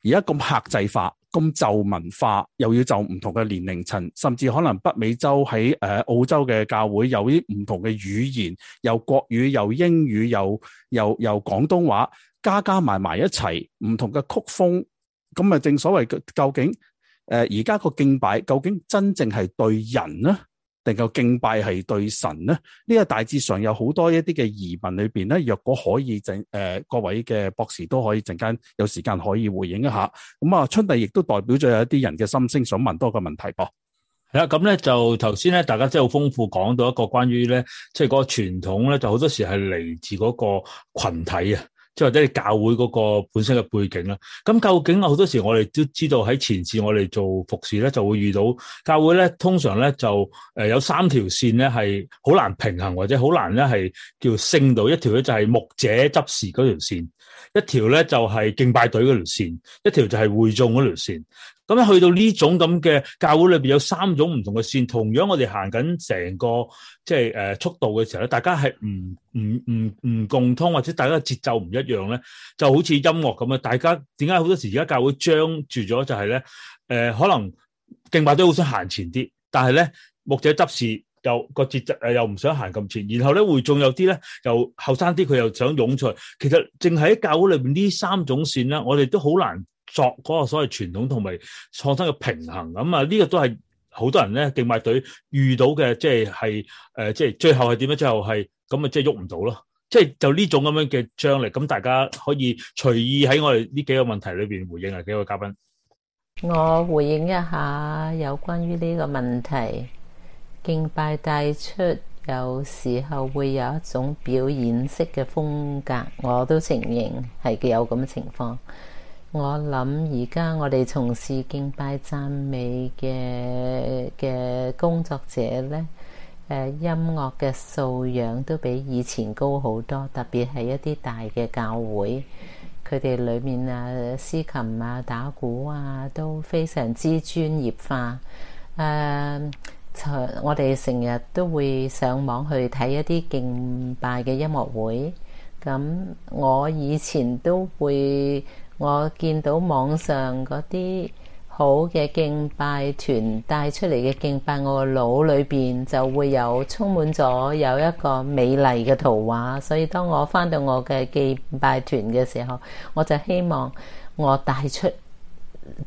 而家咁客製化、咁就文化，又要就唔同嘅年齡層，甚至可能北美洲喺誒、呃、澳洲嘅教會有啲唔同嘅語言，又國語、又英語、又又又廣東話，加加埋埋一齊，唔同嘅曲風，咁咪正所謂究竟？誒，而家個敬拜究竟真正係對人呢？定個敬拜係對神呢？呢個大致上有好多一啲嘅疑問裏邊咧，若果可以整，正、呃、誒各位嘅博士都可以陣間有時間可以回應一下。咁、嗯、啊，春弟亦都代表咗有一啲人嘅心聲，想問多個問題噃。係啦，咁咧就頭先咧，大家真係好豐富，講到一個關於咧，即係個傳統咧，就好、是、多時係嚟自嗰個群體啊。即或者係教會嗰個本身嘅背景啦，咁究竟好多時我哋都知道喺前線我哋做服侍咧，就會遇到教會咧，通常咧就誒有三條線咧係好難平衡，或者好難咧係叫聖道，一條咧就係牧者執事嗰條線，一條咧就係敬拜隊嗰條線，一條就係會眾嗰條線。咁樣去到呢種咁嘅教會裏邊，有三種唔同嘅線。同樣我哋行緊成個即係誒速度嘅時候咧，大家係唔唔唔唔共通，或者大家嘅節奏唔一樣咧，就好似音樂咁樣。大家點解好多時而家教會張住咗就係咧？誒，可能敬拜都好想行前啲，但係咧牧者執事又個節奏誒又唔想行咁前，然後咧會眾有啲咧又後生啲，佢又想湧出。其實淨係喺教會裏邊呢三種線啦，我哋都好難。作嗰個所謂傳統同埋創新嘅平衡，咁啊，呢個都係好多人咧，敬拜隊遇到嘅，即係係誒，即係最後係點樣咧？最後係咁啊，即係喐唔到咯，即係就呢種咁樣嘅張力。咁大家可以隨意喺我哋呢幾個問題裏邊回應啊，幾個嘉賓。我回應一下有關於呢個問題，敬拜帶出有時候會有一種表演式嘅風格，我都承認係有咁嘅情況。我諗而家我哋從事敬拜讚美嘅嘅工作者咧，誒音樂嘅素養都比以前高好多。特別係一啲大嘅教會，佢哋裡面啊，司琴啊、打鼓啊都非常之專業化。誒，我哋成日都會上網去睇一啲敬拜嘅音樂會。咁我以前都會。我見到網上嗰啲好嘅敬拜團帶出嚟嘅敬拜，我個腦裏邊就會有充滿咗有一個美麗嘅圖畫，所以當我返到我嘅敬拜團嘅時候，我就希望我帶出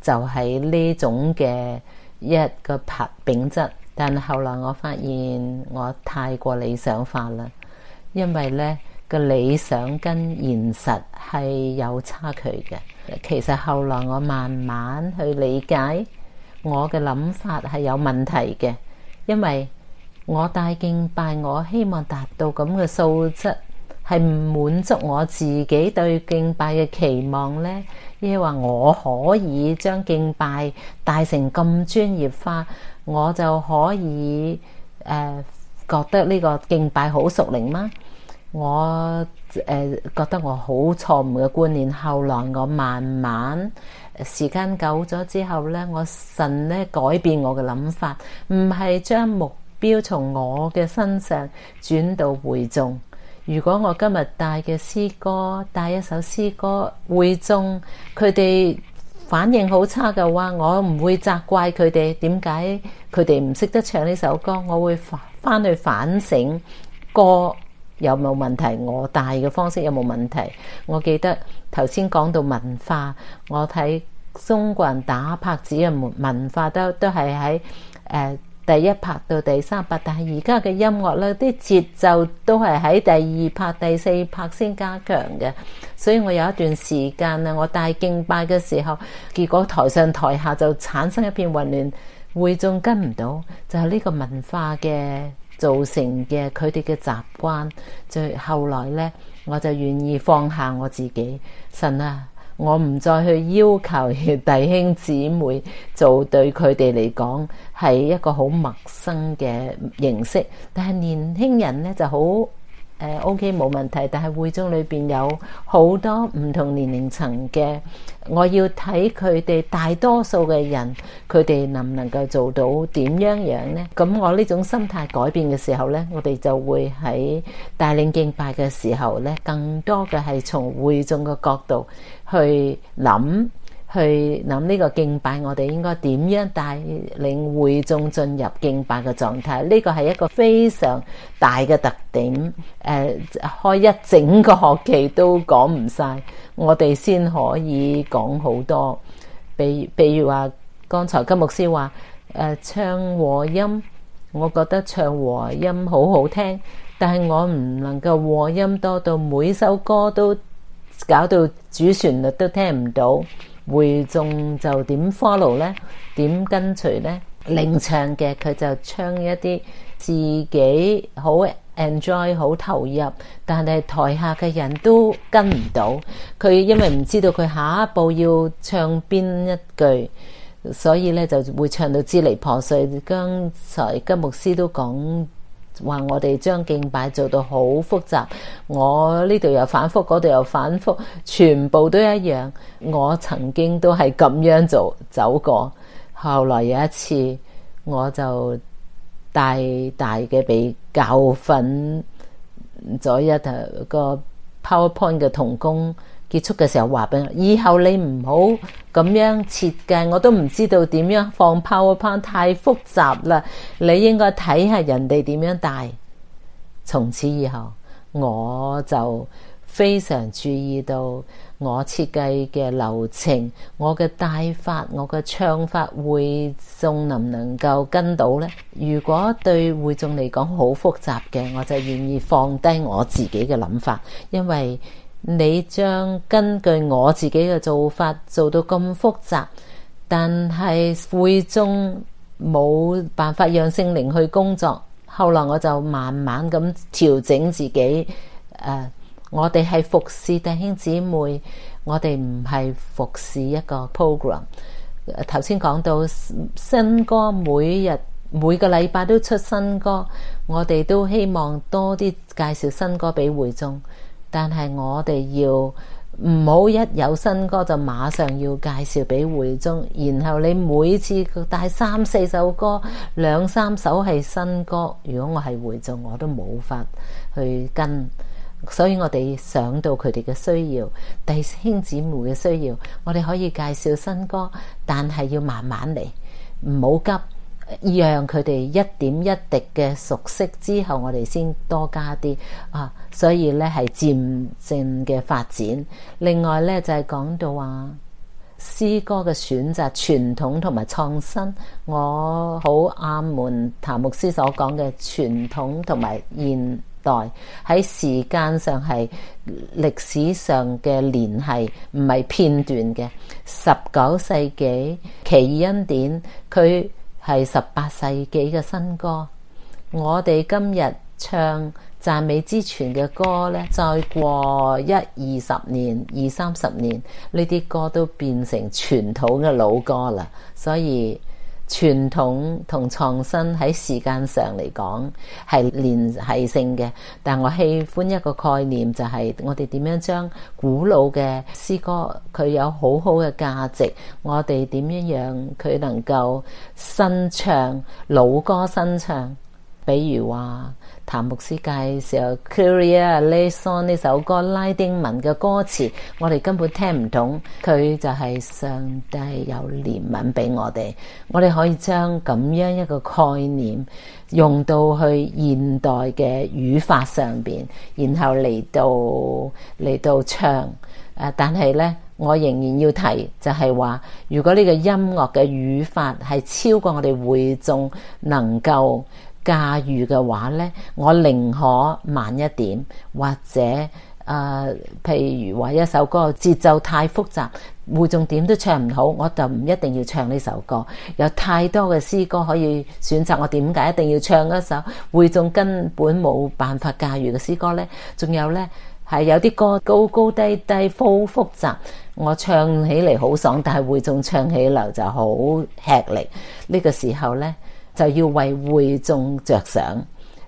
就係呢種嘅一個拍品質。但係後來我發現我太過理想化啦，因為呢。個理想跟現實係有差距嘅。其實後來我慢慢去理解，我嘅諗法係有問題嘅，因為我帶敬拜我希望達到咁嘅素質，係唔滿足我自己對敬拜嘅期望呢？因為我可以將敬拜帶成咁專業化，我就可以誒、呃、覺得呢個敬拜好屬靈嗎？我誒覺得我好錯誤嘅觀念。後嚟我慢慢，時間久咗之後呢，我神呢，改變我嘅諗法，唔係將目標從我嘅身上轉到會眾。如果我今日帶嘅詩歌帶一首詩歌，會眾佢哋反應好差嘅話，我唔會責怪佢哋點解佢哋唔識得唱呢首歌。我會返去反省過。有冇問題？我帶嘅方式有冇問題？我記得頭先講到文化，我睇中國人打拍子嘅文化都都係喺誒第一拍到第三拍，但係而家嘅音樂咧，啲節奏都係喺第二拍、第四拍先加強嘅。所以我有一段時間啊，我帶敬拜嘅時候，結果台上台下就產生一片混亂，會眾跟唔到，就係、是、呢個文化嘅。造成嘅佢哋嘅習慣，最後來呢，我就願意放下我自己。神啊，我唔再去要求弟兄姊妹做對佢哋嚟講係一個好陌生嘅形式。但係年輕人呢，就好誒、呃、OK 冇問題，但係會眾裏邊有好多唔同年齡層嘅。我要睇佢哋大多數嘅人，佢哋能唔能夠做到點樣樣呢？咁我呢種心態改變嘅時候呢，我哋就會喺帶領敬拜嘅時候呢，更多嘅係從會眾嘅角度去諗。去諗呢個敬拜，我哋應該點樣帶領會眾進入敬拜嘅狀態？呢個係一個非常大嘅特點。誒、呃，開一整個學期都講唔晒，我哋先可以講好多。比譬如話，剛才金牧師話誒、呃、唱和音，我覺得唱和音好好聽，但係我唔能夠和音多到每首歌都搞到主旋律都聽唔到。會眾就點 follow 呢？點跟隨呢？領唱嘅佢就唱一啲自己好 enjoy、好投入，但係台下嘅人都跟唔到。佢因為唔知道佢下一步要唱邊一句，所以呢就會唱到支離破碎。剛才金牧師都講，話我哋將敬拜做到好複雜，我呢度又反覆，嗰度又反覆，全部都一樣。我曾經都係咁樣做，走過。後來有一次，我就大大嘅畀教訓咗一個 PowerPoint 嘅同工。結束嘅時候話俾我，以後你唔好咁樣設計，我都唔知道點樣放炮，怕太複雜啦。你應該睇下人哋點樣帶。從此以後，我就非常注意到我設計嘅流程、我嘅帶法、我嘅唱法，會眾能唔能夠跟到呢？如果對會眾嚟講好複雜嘅，我就願意放低我自己嘅諗法，因為。你將根據我自己嘅做法做到咁複雜，但係會眾冇辦法讓聖靈去工作。後來我就慢慢咁調整自己。誒、呃，我哋係服侍弟兄姊妹，我哋唔係服侍一個 program。頭先講到新歌，每日每個禮拜都出新歌，我哋都希望多啲介紹新歌俾會眾。但係我哋要唔好一有新歌就馬上要介紹俾會眾，然後你每次帶三四首歌，兩三首係新歌。如果我係會眾，我都冇法去跟，所以我哋想到佢哋嘅需要，弟兄姊妹嘅需要，我哋可以介紹新歌，但係要慢慢嚟，唔好急。讓佢哋一點一滴嘅熟悉之後，我哋先多加啲啊，所以咧係漸進嘅發展。另外咧就係、是、講到話詩歌嘅選擇傳統同埋創新，我好阿門。譚牧師所講嘅傳統同埋現代喺時間上係歷史上嘅聯繫，唔係片段嘅十九世紀《祈恩典》佢。係十八世紀嘅新歌，我哋今日唱讚美之泉嘅歌呢，再過一二十年、二三十年，呢啲歌都變成傳統嘅老歌啦，所以。傳統同創新喺時間上嚟講係連繫性嘅，但我喜歡一個概念，就係我哋點樣將古老嘅詩歌，佢有好好嘅價值，我哋點樣讓佢能夠新唱、老歌新唱。比如話，譚木斯介紹《Kyrie Eleison》呢首歌拉丁文嘅歌詞，我哋根本聽唔懂。佢就係上帝有憐憫俾我哋，我哋可以將咁樣一個概念用到去現代嘅語法上邊，然後嚟到嚟到唱。誒，但係呢，我仍然要提就係、是、話，如果呢個音樂嘅語法係超過我哋會眾能夠駕馭嘅話呢，我寧可慢一點，或者誒、呃，譬如話，一首歌節奏太複雜，會眾點都唱唔好，我就唔一定要唱呢首歌。有太多嘅詩歌可以選擇，我點解一定要唱一首會眾根本冇辦法駕馭嘅詩歌呢？仲有呢，係有啲歌高高低低、好複雜，我唱起嚟好爽，但係會眾唱起嚟就好吃力。呢個時候呢。就要為會眾着想，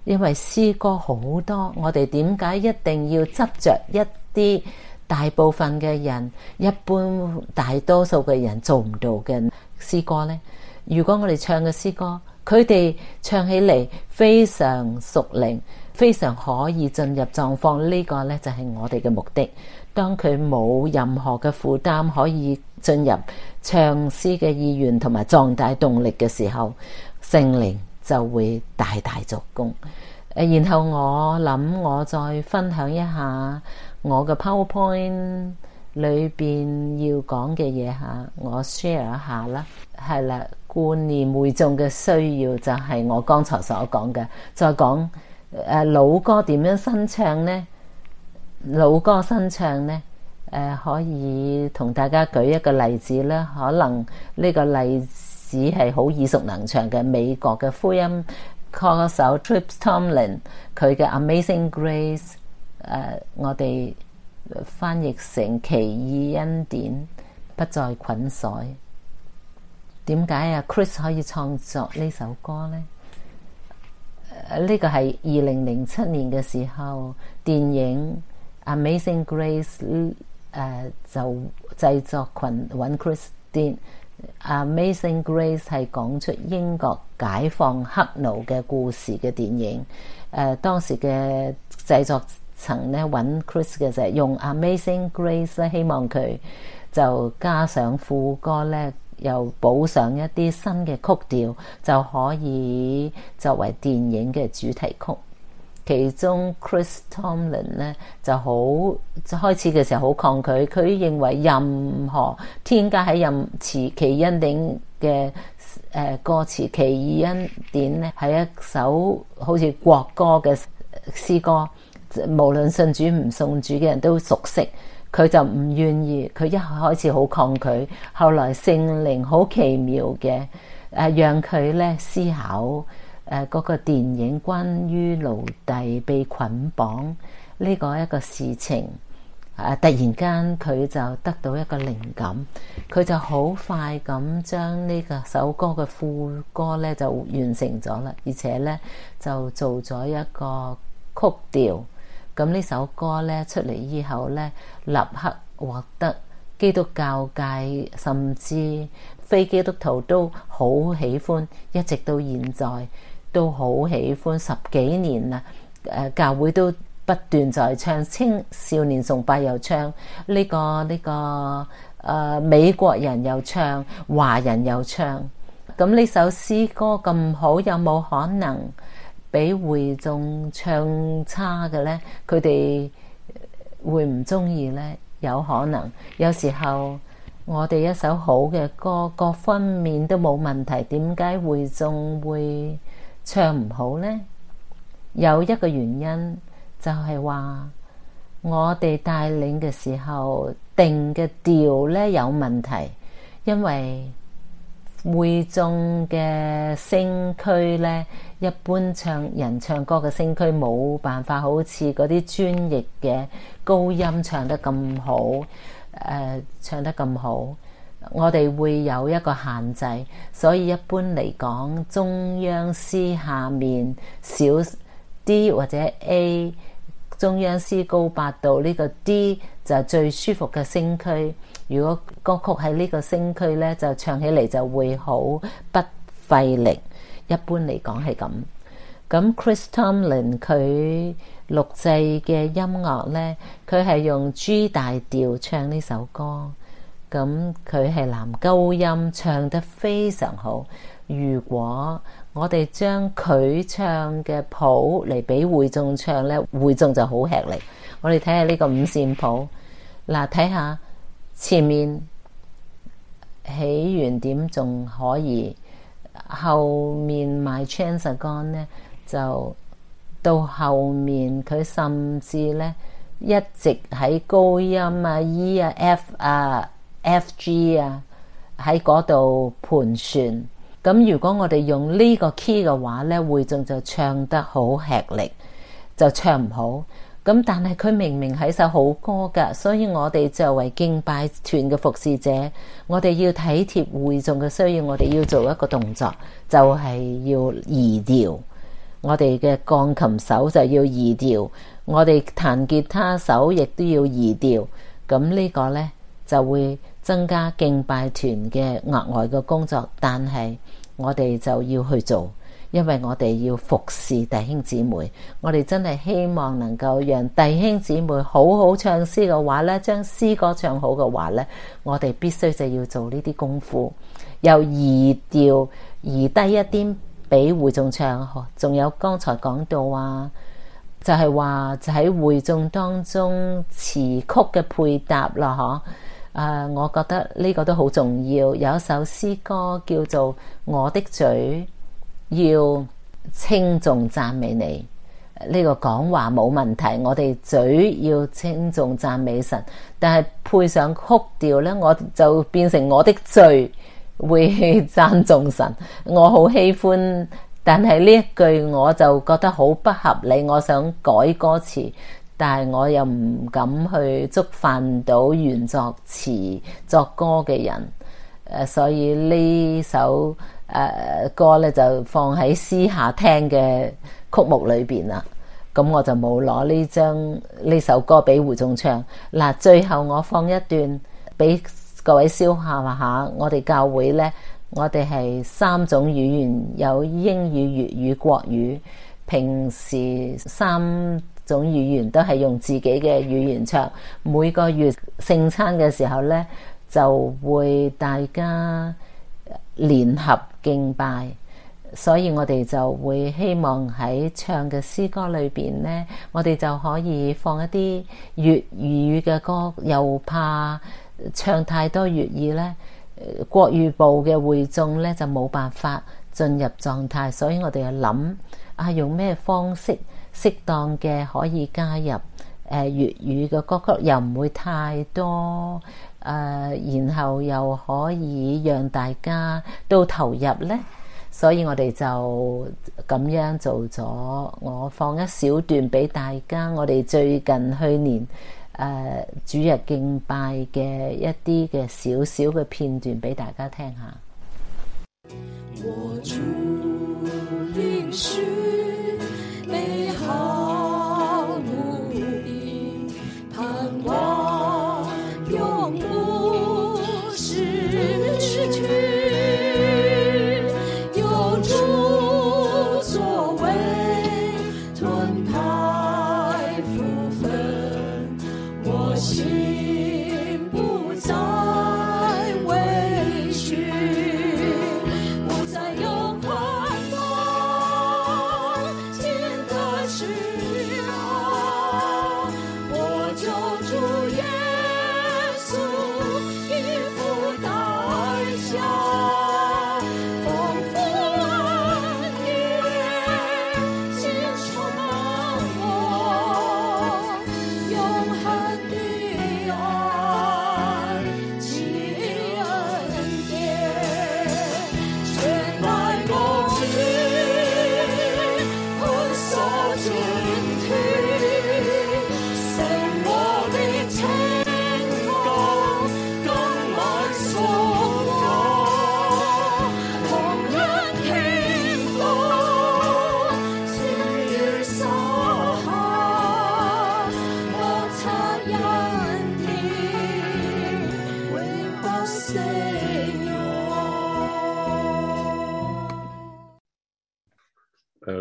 因為詩歌好多，我哋點解一定要執着一啲大部分嘅人、一般大多數嘅人做唔到嘅詩歌呢？如果我哋唱嘅詩歌，佢哋唱起嚟非常熟練，非常可以進入狀況，呢、呢個呢就係我哋嘅目的。當佢冇任何嘅負擔，可以進入唱詩嘅意願同埋壯大動力嘅時候，聖靈就會大大作工。誒，然後我諗我再分享一下我嘅 PowerPoint 裏邊要講嘅嘢吓，我 share 一下啦。係啦，觀念會眾嘅需要就係我剛才所講嘅。再講誒，老歌點樣新唱呢？老歌新唱呢？誒，可以同大家舉一個例子啦。可能呢個例子。只係好耳熟能詳嘅美國嘅福音歌手 Chris Tomlin 佢嘅 Amazing Grace，誒、呃、我哋翻譯成奇異恩典不再捆綁。點解啊 Chris 可以創作呢首歌咧？呢個係二零零七年嘅時候，電影 Amazing Grace 誒、呃、就製作羣揾 Chris 啲。《Amazing Grace》係講出英國解放黑奴嘅故事嘅電影。誒、呃，當時嘅製作層咧揾 Chris 嘅時候，用《Amazing Grace》咧，希望佢就加上副歌咧，又補上一啲新嘅曲調，就可以作為電影嘅主題曲。其中 Chris Tomlin 咧就好開始嘅時候好抗拒，佢認為任何添加喺任詞奇異恩典嘅，誒歌詞奇異恩典咧係一首好似國歌嘅詩歌，無論信主唔信主嘅人都熟悉，佢就唔願意，佢一開始好抗拒，後來聖靈好奇妙嘅，誒、呃、讓佢咧思考。誒嗰、啊、個電影關於奴隸被捆綁呢、這個一個事情，啊！突然間佢就得到一個靈感，佢就好快咁將呢個首歌嘅副歌呢就完成咗啦，而且呢，就做咗一個曲調。咁呢首歌呢出嚟以後呢，立刻獲得基督教界甚至非基督徒都好喜歡，一直到現在。都好喜歡十幾年啦。誒、呃，教會都不斷在唱，青少年崇拜又唱呢、這個呢、這個誒、呃、美國人又唱華人又唱。咁、嗯、呢、嗯、首詩歌咁好，有冇可能畀會眾唱差嘅呢？佢哋會唔鍾意呢？有可能有時候我哋一首好嘅歌，各方面都冇問題，點解會眾會？唱唔好呢，有一個原因就係、是、話我哋帶領嘅時候定嘅調咧有問題，因為會眾嘅聲區咧一般唱人唱歌嘅聲區冇辦法好似嗰啲專業嘅高音唱得咁好，誒、呃、唱得咁好。我哋會有一個限制，所以一般嚟講，中央 C 下面小 D 或者 A，中央 C 高八度呢個 D 就最舒服嘅聲區，如果歌曲喺呢個聲區咧，就唱起嚟就會好不費力。一般嚟講係咁。咁 Chris Tomlin 佢錄製嘅音樂咧，佢係用 G 大調唱呢首歌。咁佢係男高音，唱得非常好。如果我哋將佢唱嘅譜嚟俾會眾唱呢，會眾就好吃力。我哋睇下呢個五線譜嗱，睇下前面起源點仲可以，後面賣 chance 杆呢，就到後面，佢甚至呢一直喺高音啊、E 啊、F 啊。F G 啊，喺嗰度盤旋。咁如果我哋用呢個 key 嘅話呢，會眾就唱得好吃力，就唱唔好。咁但係佢明明係首好歌㗎，所以我哋作為敬拜團嘅服侍者，我哋要體貼會眾嘅需要，我哋要做一個動作，就係要移調。我哋嘅鋼琴手就要移調，我哋彈吉他手亦都要移調。咁呢個呢。就會增加敬拜團嘅額外嘅工作，但係我哋就要去做，因為我哋要服侍弟兄姊妹。我哋真係希望能夠讓弟兄姊妹好好唱詩嘅話呢，將詩歌唱好嘅話呢，我哋必須就要做呢啲功夫，又移調移低一啲俾會眾唱。仲有剛才講到啊，就係話就喺會眾當中詞曲嘅配搭啦，嗬。啊，uh, 我覺得呢個都好重要。有一首詩歌叫做《我的嘴要稱頌讚美你》，呢、這個講話冇問題。我哋嘴要稱頌讚美神，但係配上曲調呢，我就變成我的罪會讚頌神。我好喜歡，但係呢一句我就覺得好不合理。我想改歌詞。但係我又唔敢去觸犯到原作詞作歌嘅人，誒，所以首、呃、呢首誒歌咧就放喺私下聽嘅曲目裏邊啦。咁我就冇攞呢張呢首歌俾胡仲唱。嗱，最後我放一段俾各位消化下，我哋教會呢，我哋係三種語言，有英語、粵語、國語。平時三種語言都係用自己嘅語言唱。每個月聖餐嘅時候呢，就會大家聯合敬拜，所以我哋就會希望喺唱嘅詩歌裏邊呢，我哋就可以放一啲粵語嘅歌。又怕唱太多粵語呢，國語部嘅會眾呢，就冇辦法進入狀態，所以我哋又諗啊，用咩方式？適當嘅可以加入誒、呃、粵語嘅歌曲，又唔會太多誒、呃，然後又可以讓大家都投入呢。所以我哋就咁樣做咗，我放一小段俾大家。我哋最近去年誒、呃、主日敬拜嘅一啲嘅小小嘅片段俾大家聽下。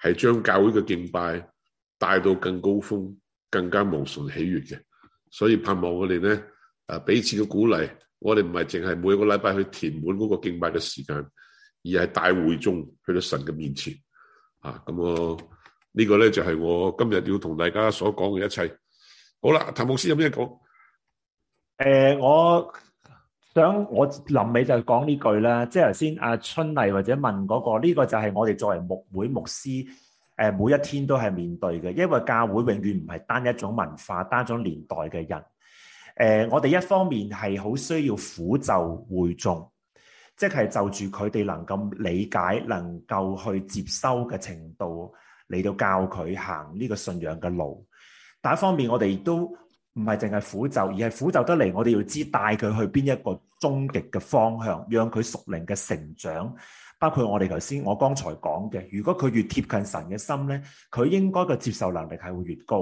係將教會嘅敬拜帶到更高峰，更加無盡喜悦嘅，所以盼望我哋咧，誒彼此嘅鼓勵，我哋唔係淨係每個禮拜去填滿嗰個敬拜嘅時間，而係大會中去到神嘅面前，啊，咁我、這個、呢個咧就係、是、我今日要同大家所講嘅一切。好啦，譚牧師有咩講？誒、呃，我。想我臨尾就講呢句啦，即係頭先阿春麗或者問嗰個呢個就係我哋作為牧會牧師，誒、呃，每一天都係面對嘅，因為教會永遠唔係單一種文化，單一種年代嘅人。誒、呃，我哋一方面係好需要撫就會眾，即係就住佢哋能夠理解，能夠去接收嘅程度嚟到教佢行呢個信仰嘅路。但一方面我哋亦都。唔係淨係苦咒，而係苦咒得嚟，我哋要知帶佢去邊一個終極嘅方向，讓佢屬靈嘅成長。包括我哋頭先我剛才講嘅，如果佢越貼近神嘅心呢，佢應該嘅接受能力係會越高。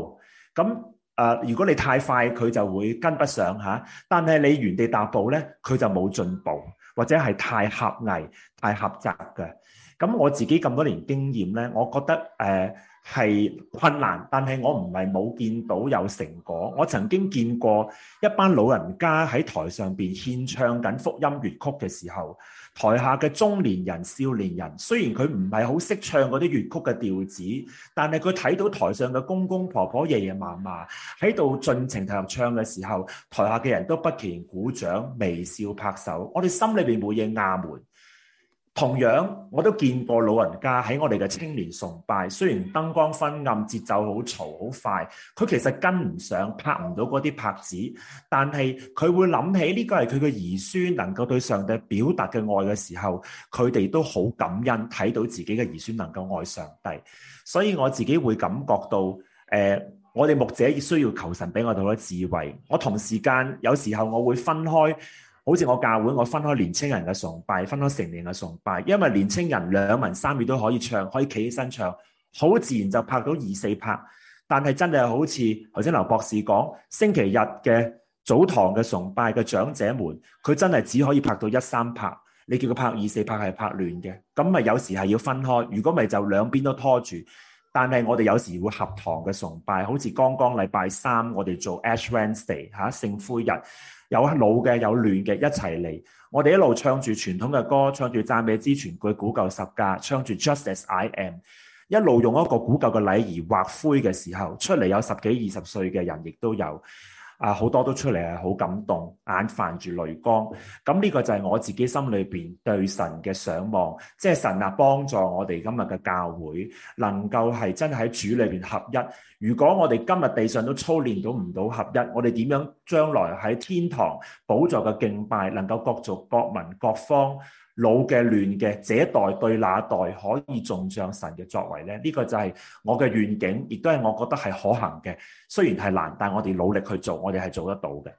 咁誒、呃，如果你太快，佢就會跟不上嚇。但係你原地踏步呢，佢就冇進步，或者係太狹隘、太狹窄嘅。咁我自己咁多年經驗呢，我覺得誒。呃係困難，但係我唔係冇見到有成果。我曾經見過一班老人家喺台上邊獻唱緊福音粵曲嘅時候，台下嘅中年人、少年人，雖然佢唔係好識唱嗰啲粵曲嘅調子，但係佢睇到台上嘅公公婆婆爺爺嫲嫲喺度盡情投入唱嘅時候，台下嘅人都不期然鼓掌、微笑拍手，o，我哋心裏邊冇嘢亞門。同樣，我都見過老人家喺我哋嘅青年崇拜，雖然燈光昏暗、節奏好嘈、好快，佢其實跟唔上、拍唔到嗰啲拍子，但係佢會諗起呢個係佢嘅兒孫能夠對上帝表達嘅愛嘅時候，佢哋都好感恩，睇到自己嘅兒孫能夠愛上帝。所以我自己會感覺到，誒、呃，我哋牧者亦需要求神俾我哋好多智慧。我同時間有時候，我會分開。好似我教會，我分開年青人嘅崇拜，分開成年嘅崇拜。因為年青人兩文三語都可以唱，可以企起身唱，好自然就拍到二四拍。但係真係好似頭先劉博士講，星期日嘅早堂嘅崇拜嘅長者們，佢真係只可以拍到一三拍。你叫佢拍二四拍係拍亂嘅。咁咪有時係要分開。如果咪就兩邊都拖住。但係我哋有時會合堂嘅崇拜，好似剛剛禮拜三我哋做 Ash Wednesday 嚇、啊、聖灰日。有老嘅，有嫩嘅，一齊嚟。我哋一路唱住傳統嘅歌，唱住「讚美之泉」、「句古舊十架」，唱住 Just As I Am，一路用一個古舊嘅禮儀畫灰嘅時候，出嚟有十幾二十歲嘅人，亦都有。啊！好多都出嚟係好感動，眼泛住淚光。咁、嗯、呢、這個就係我自己心裏邊對神嘅想望，即係神啊幫助我哋今日嘅教會，能夠係真係喺主裏邊合一。如果我哋今日地上都操練到唔到合一，我哋點樣將來喺天堂寶座嘅敬拜，能夠各族各民各方？老嘅亂嘅，這一代對那一代可以重像神嘅作為呢。呢、呢個就係我嘅願景，亦都係我覺得係可行嘅。雖然係難，但我哋努力去做，我哋係做得到嘅。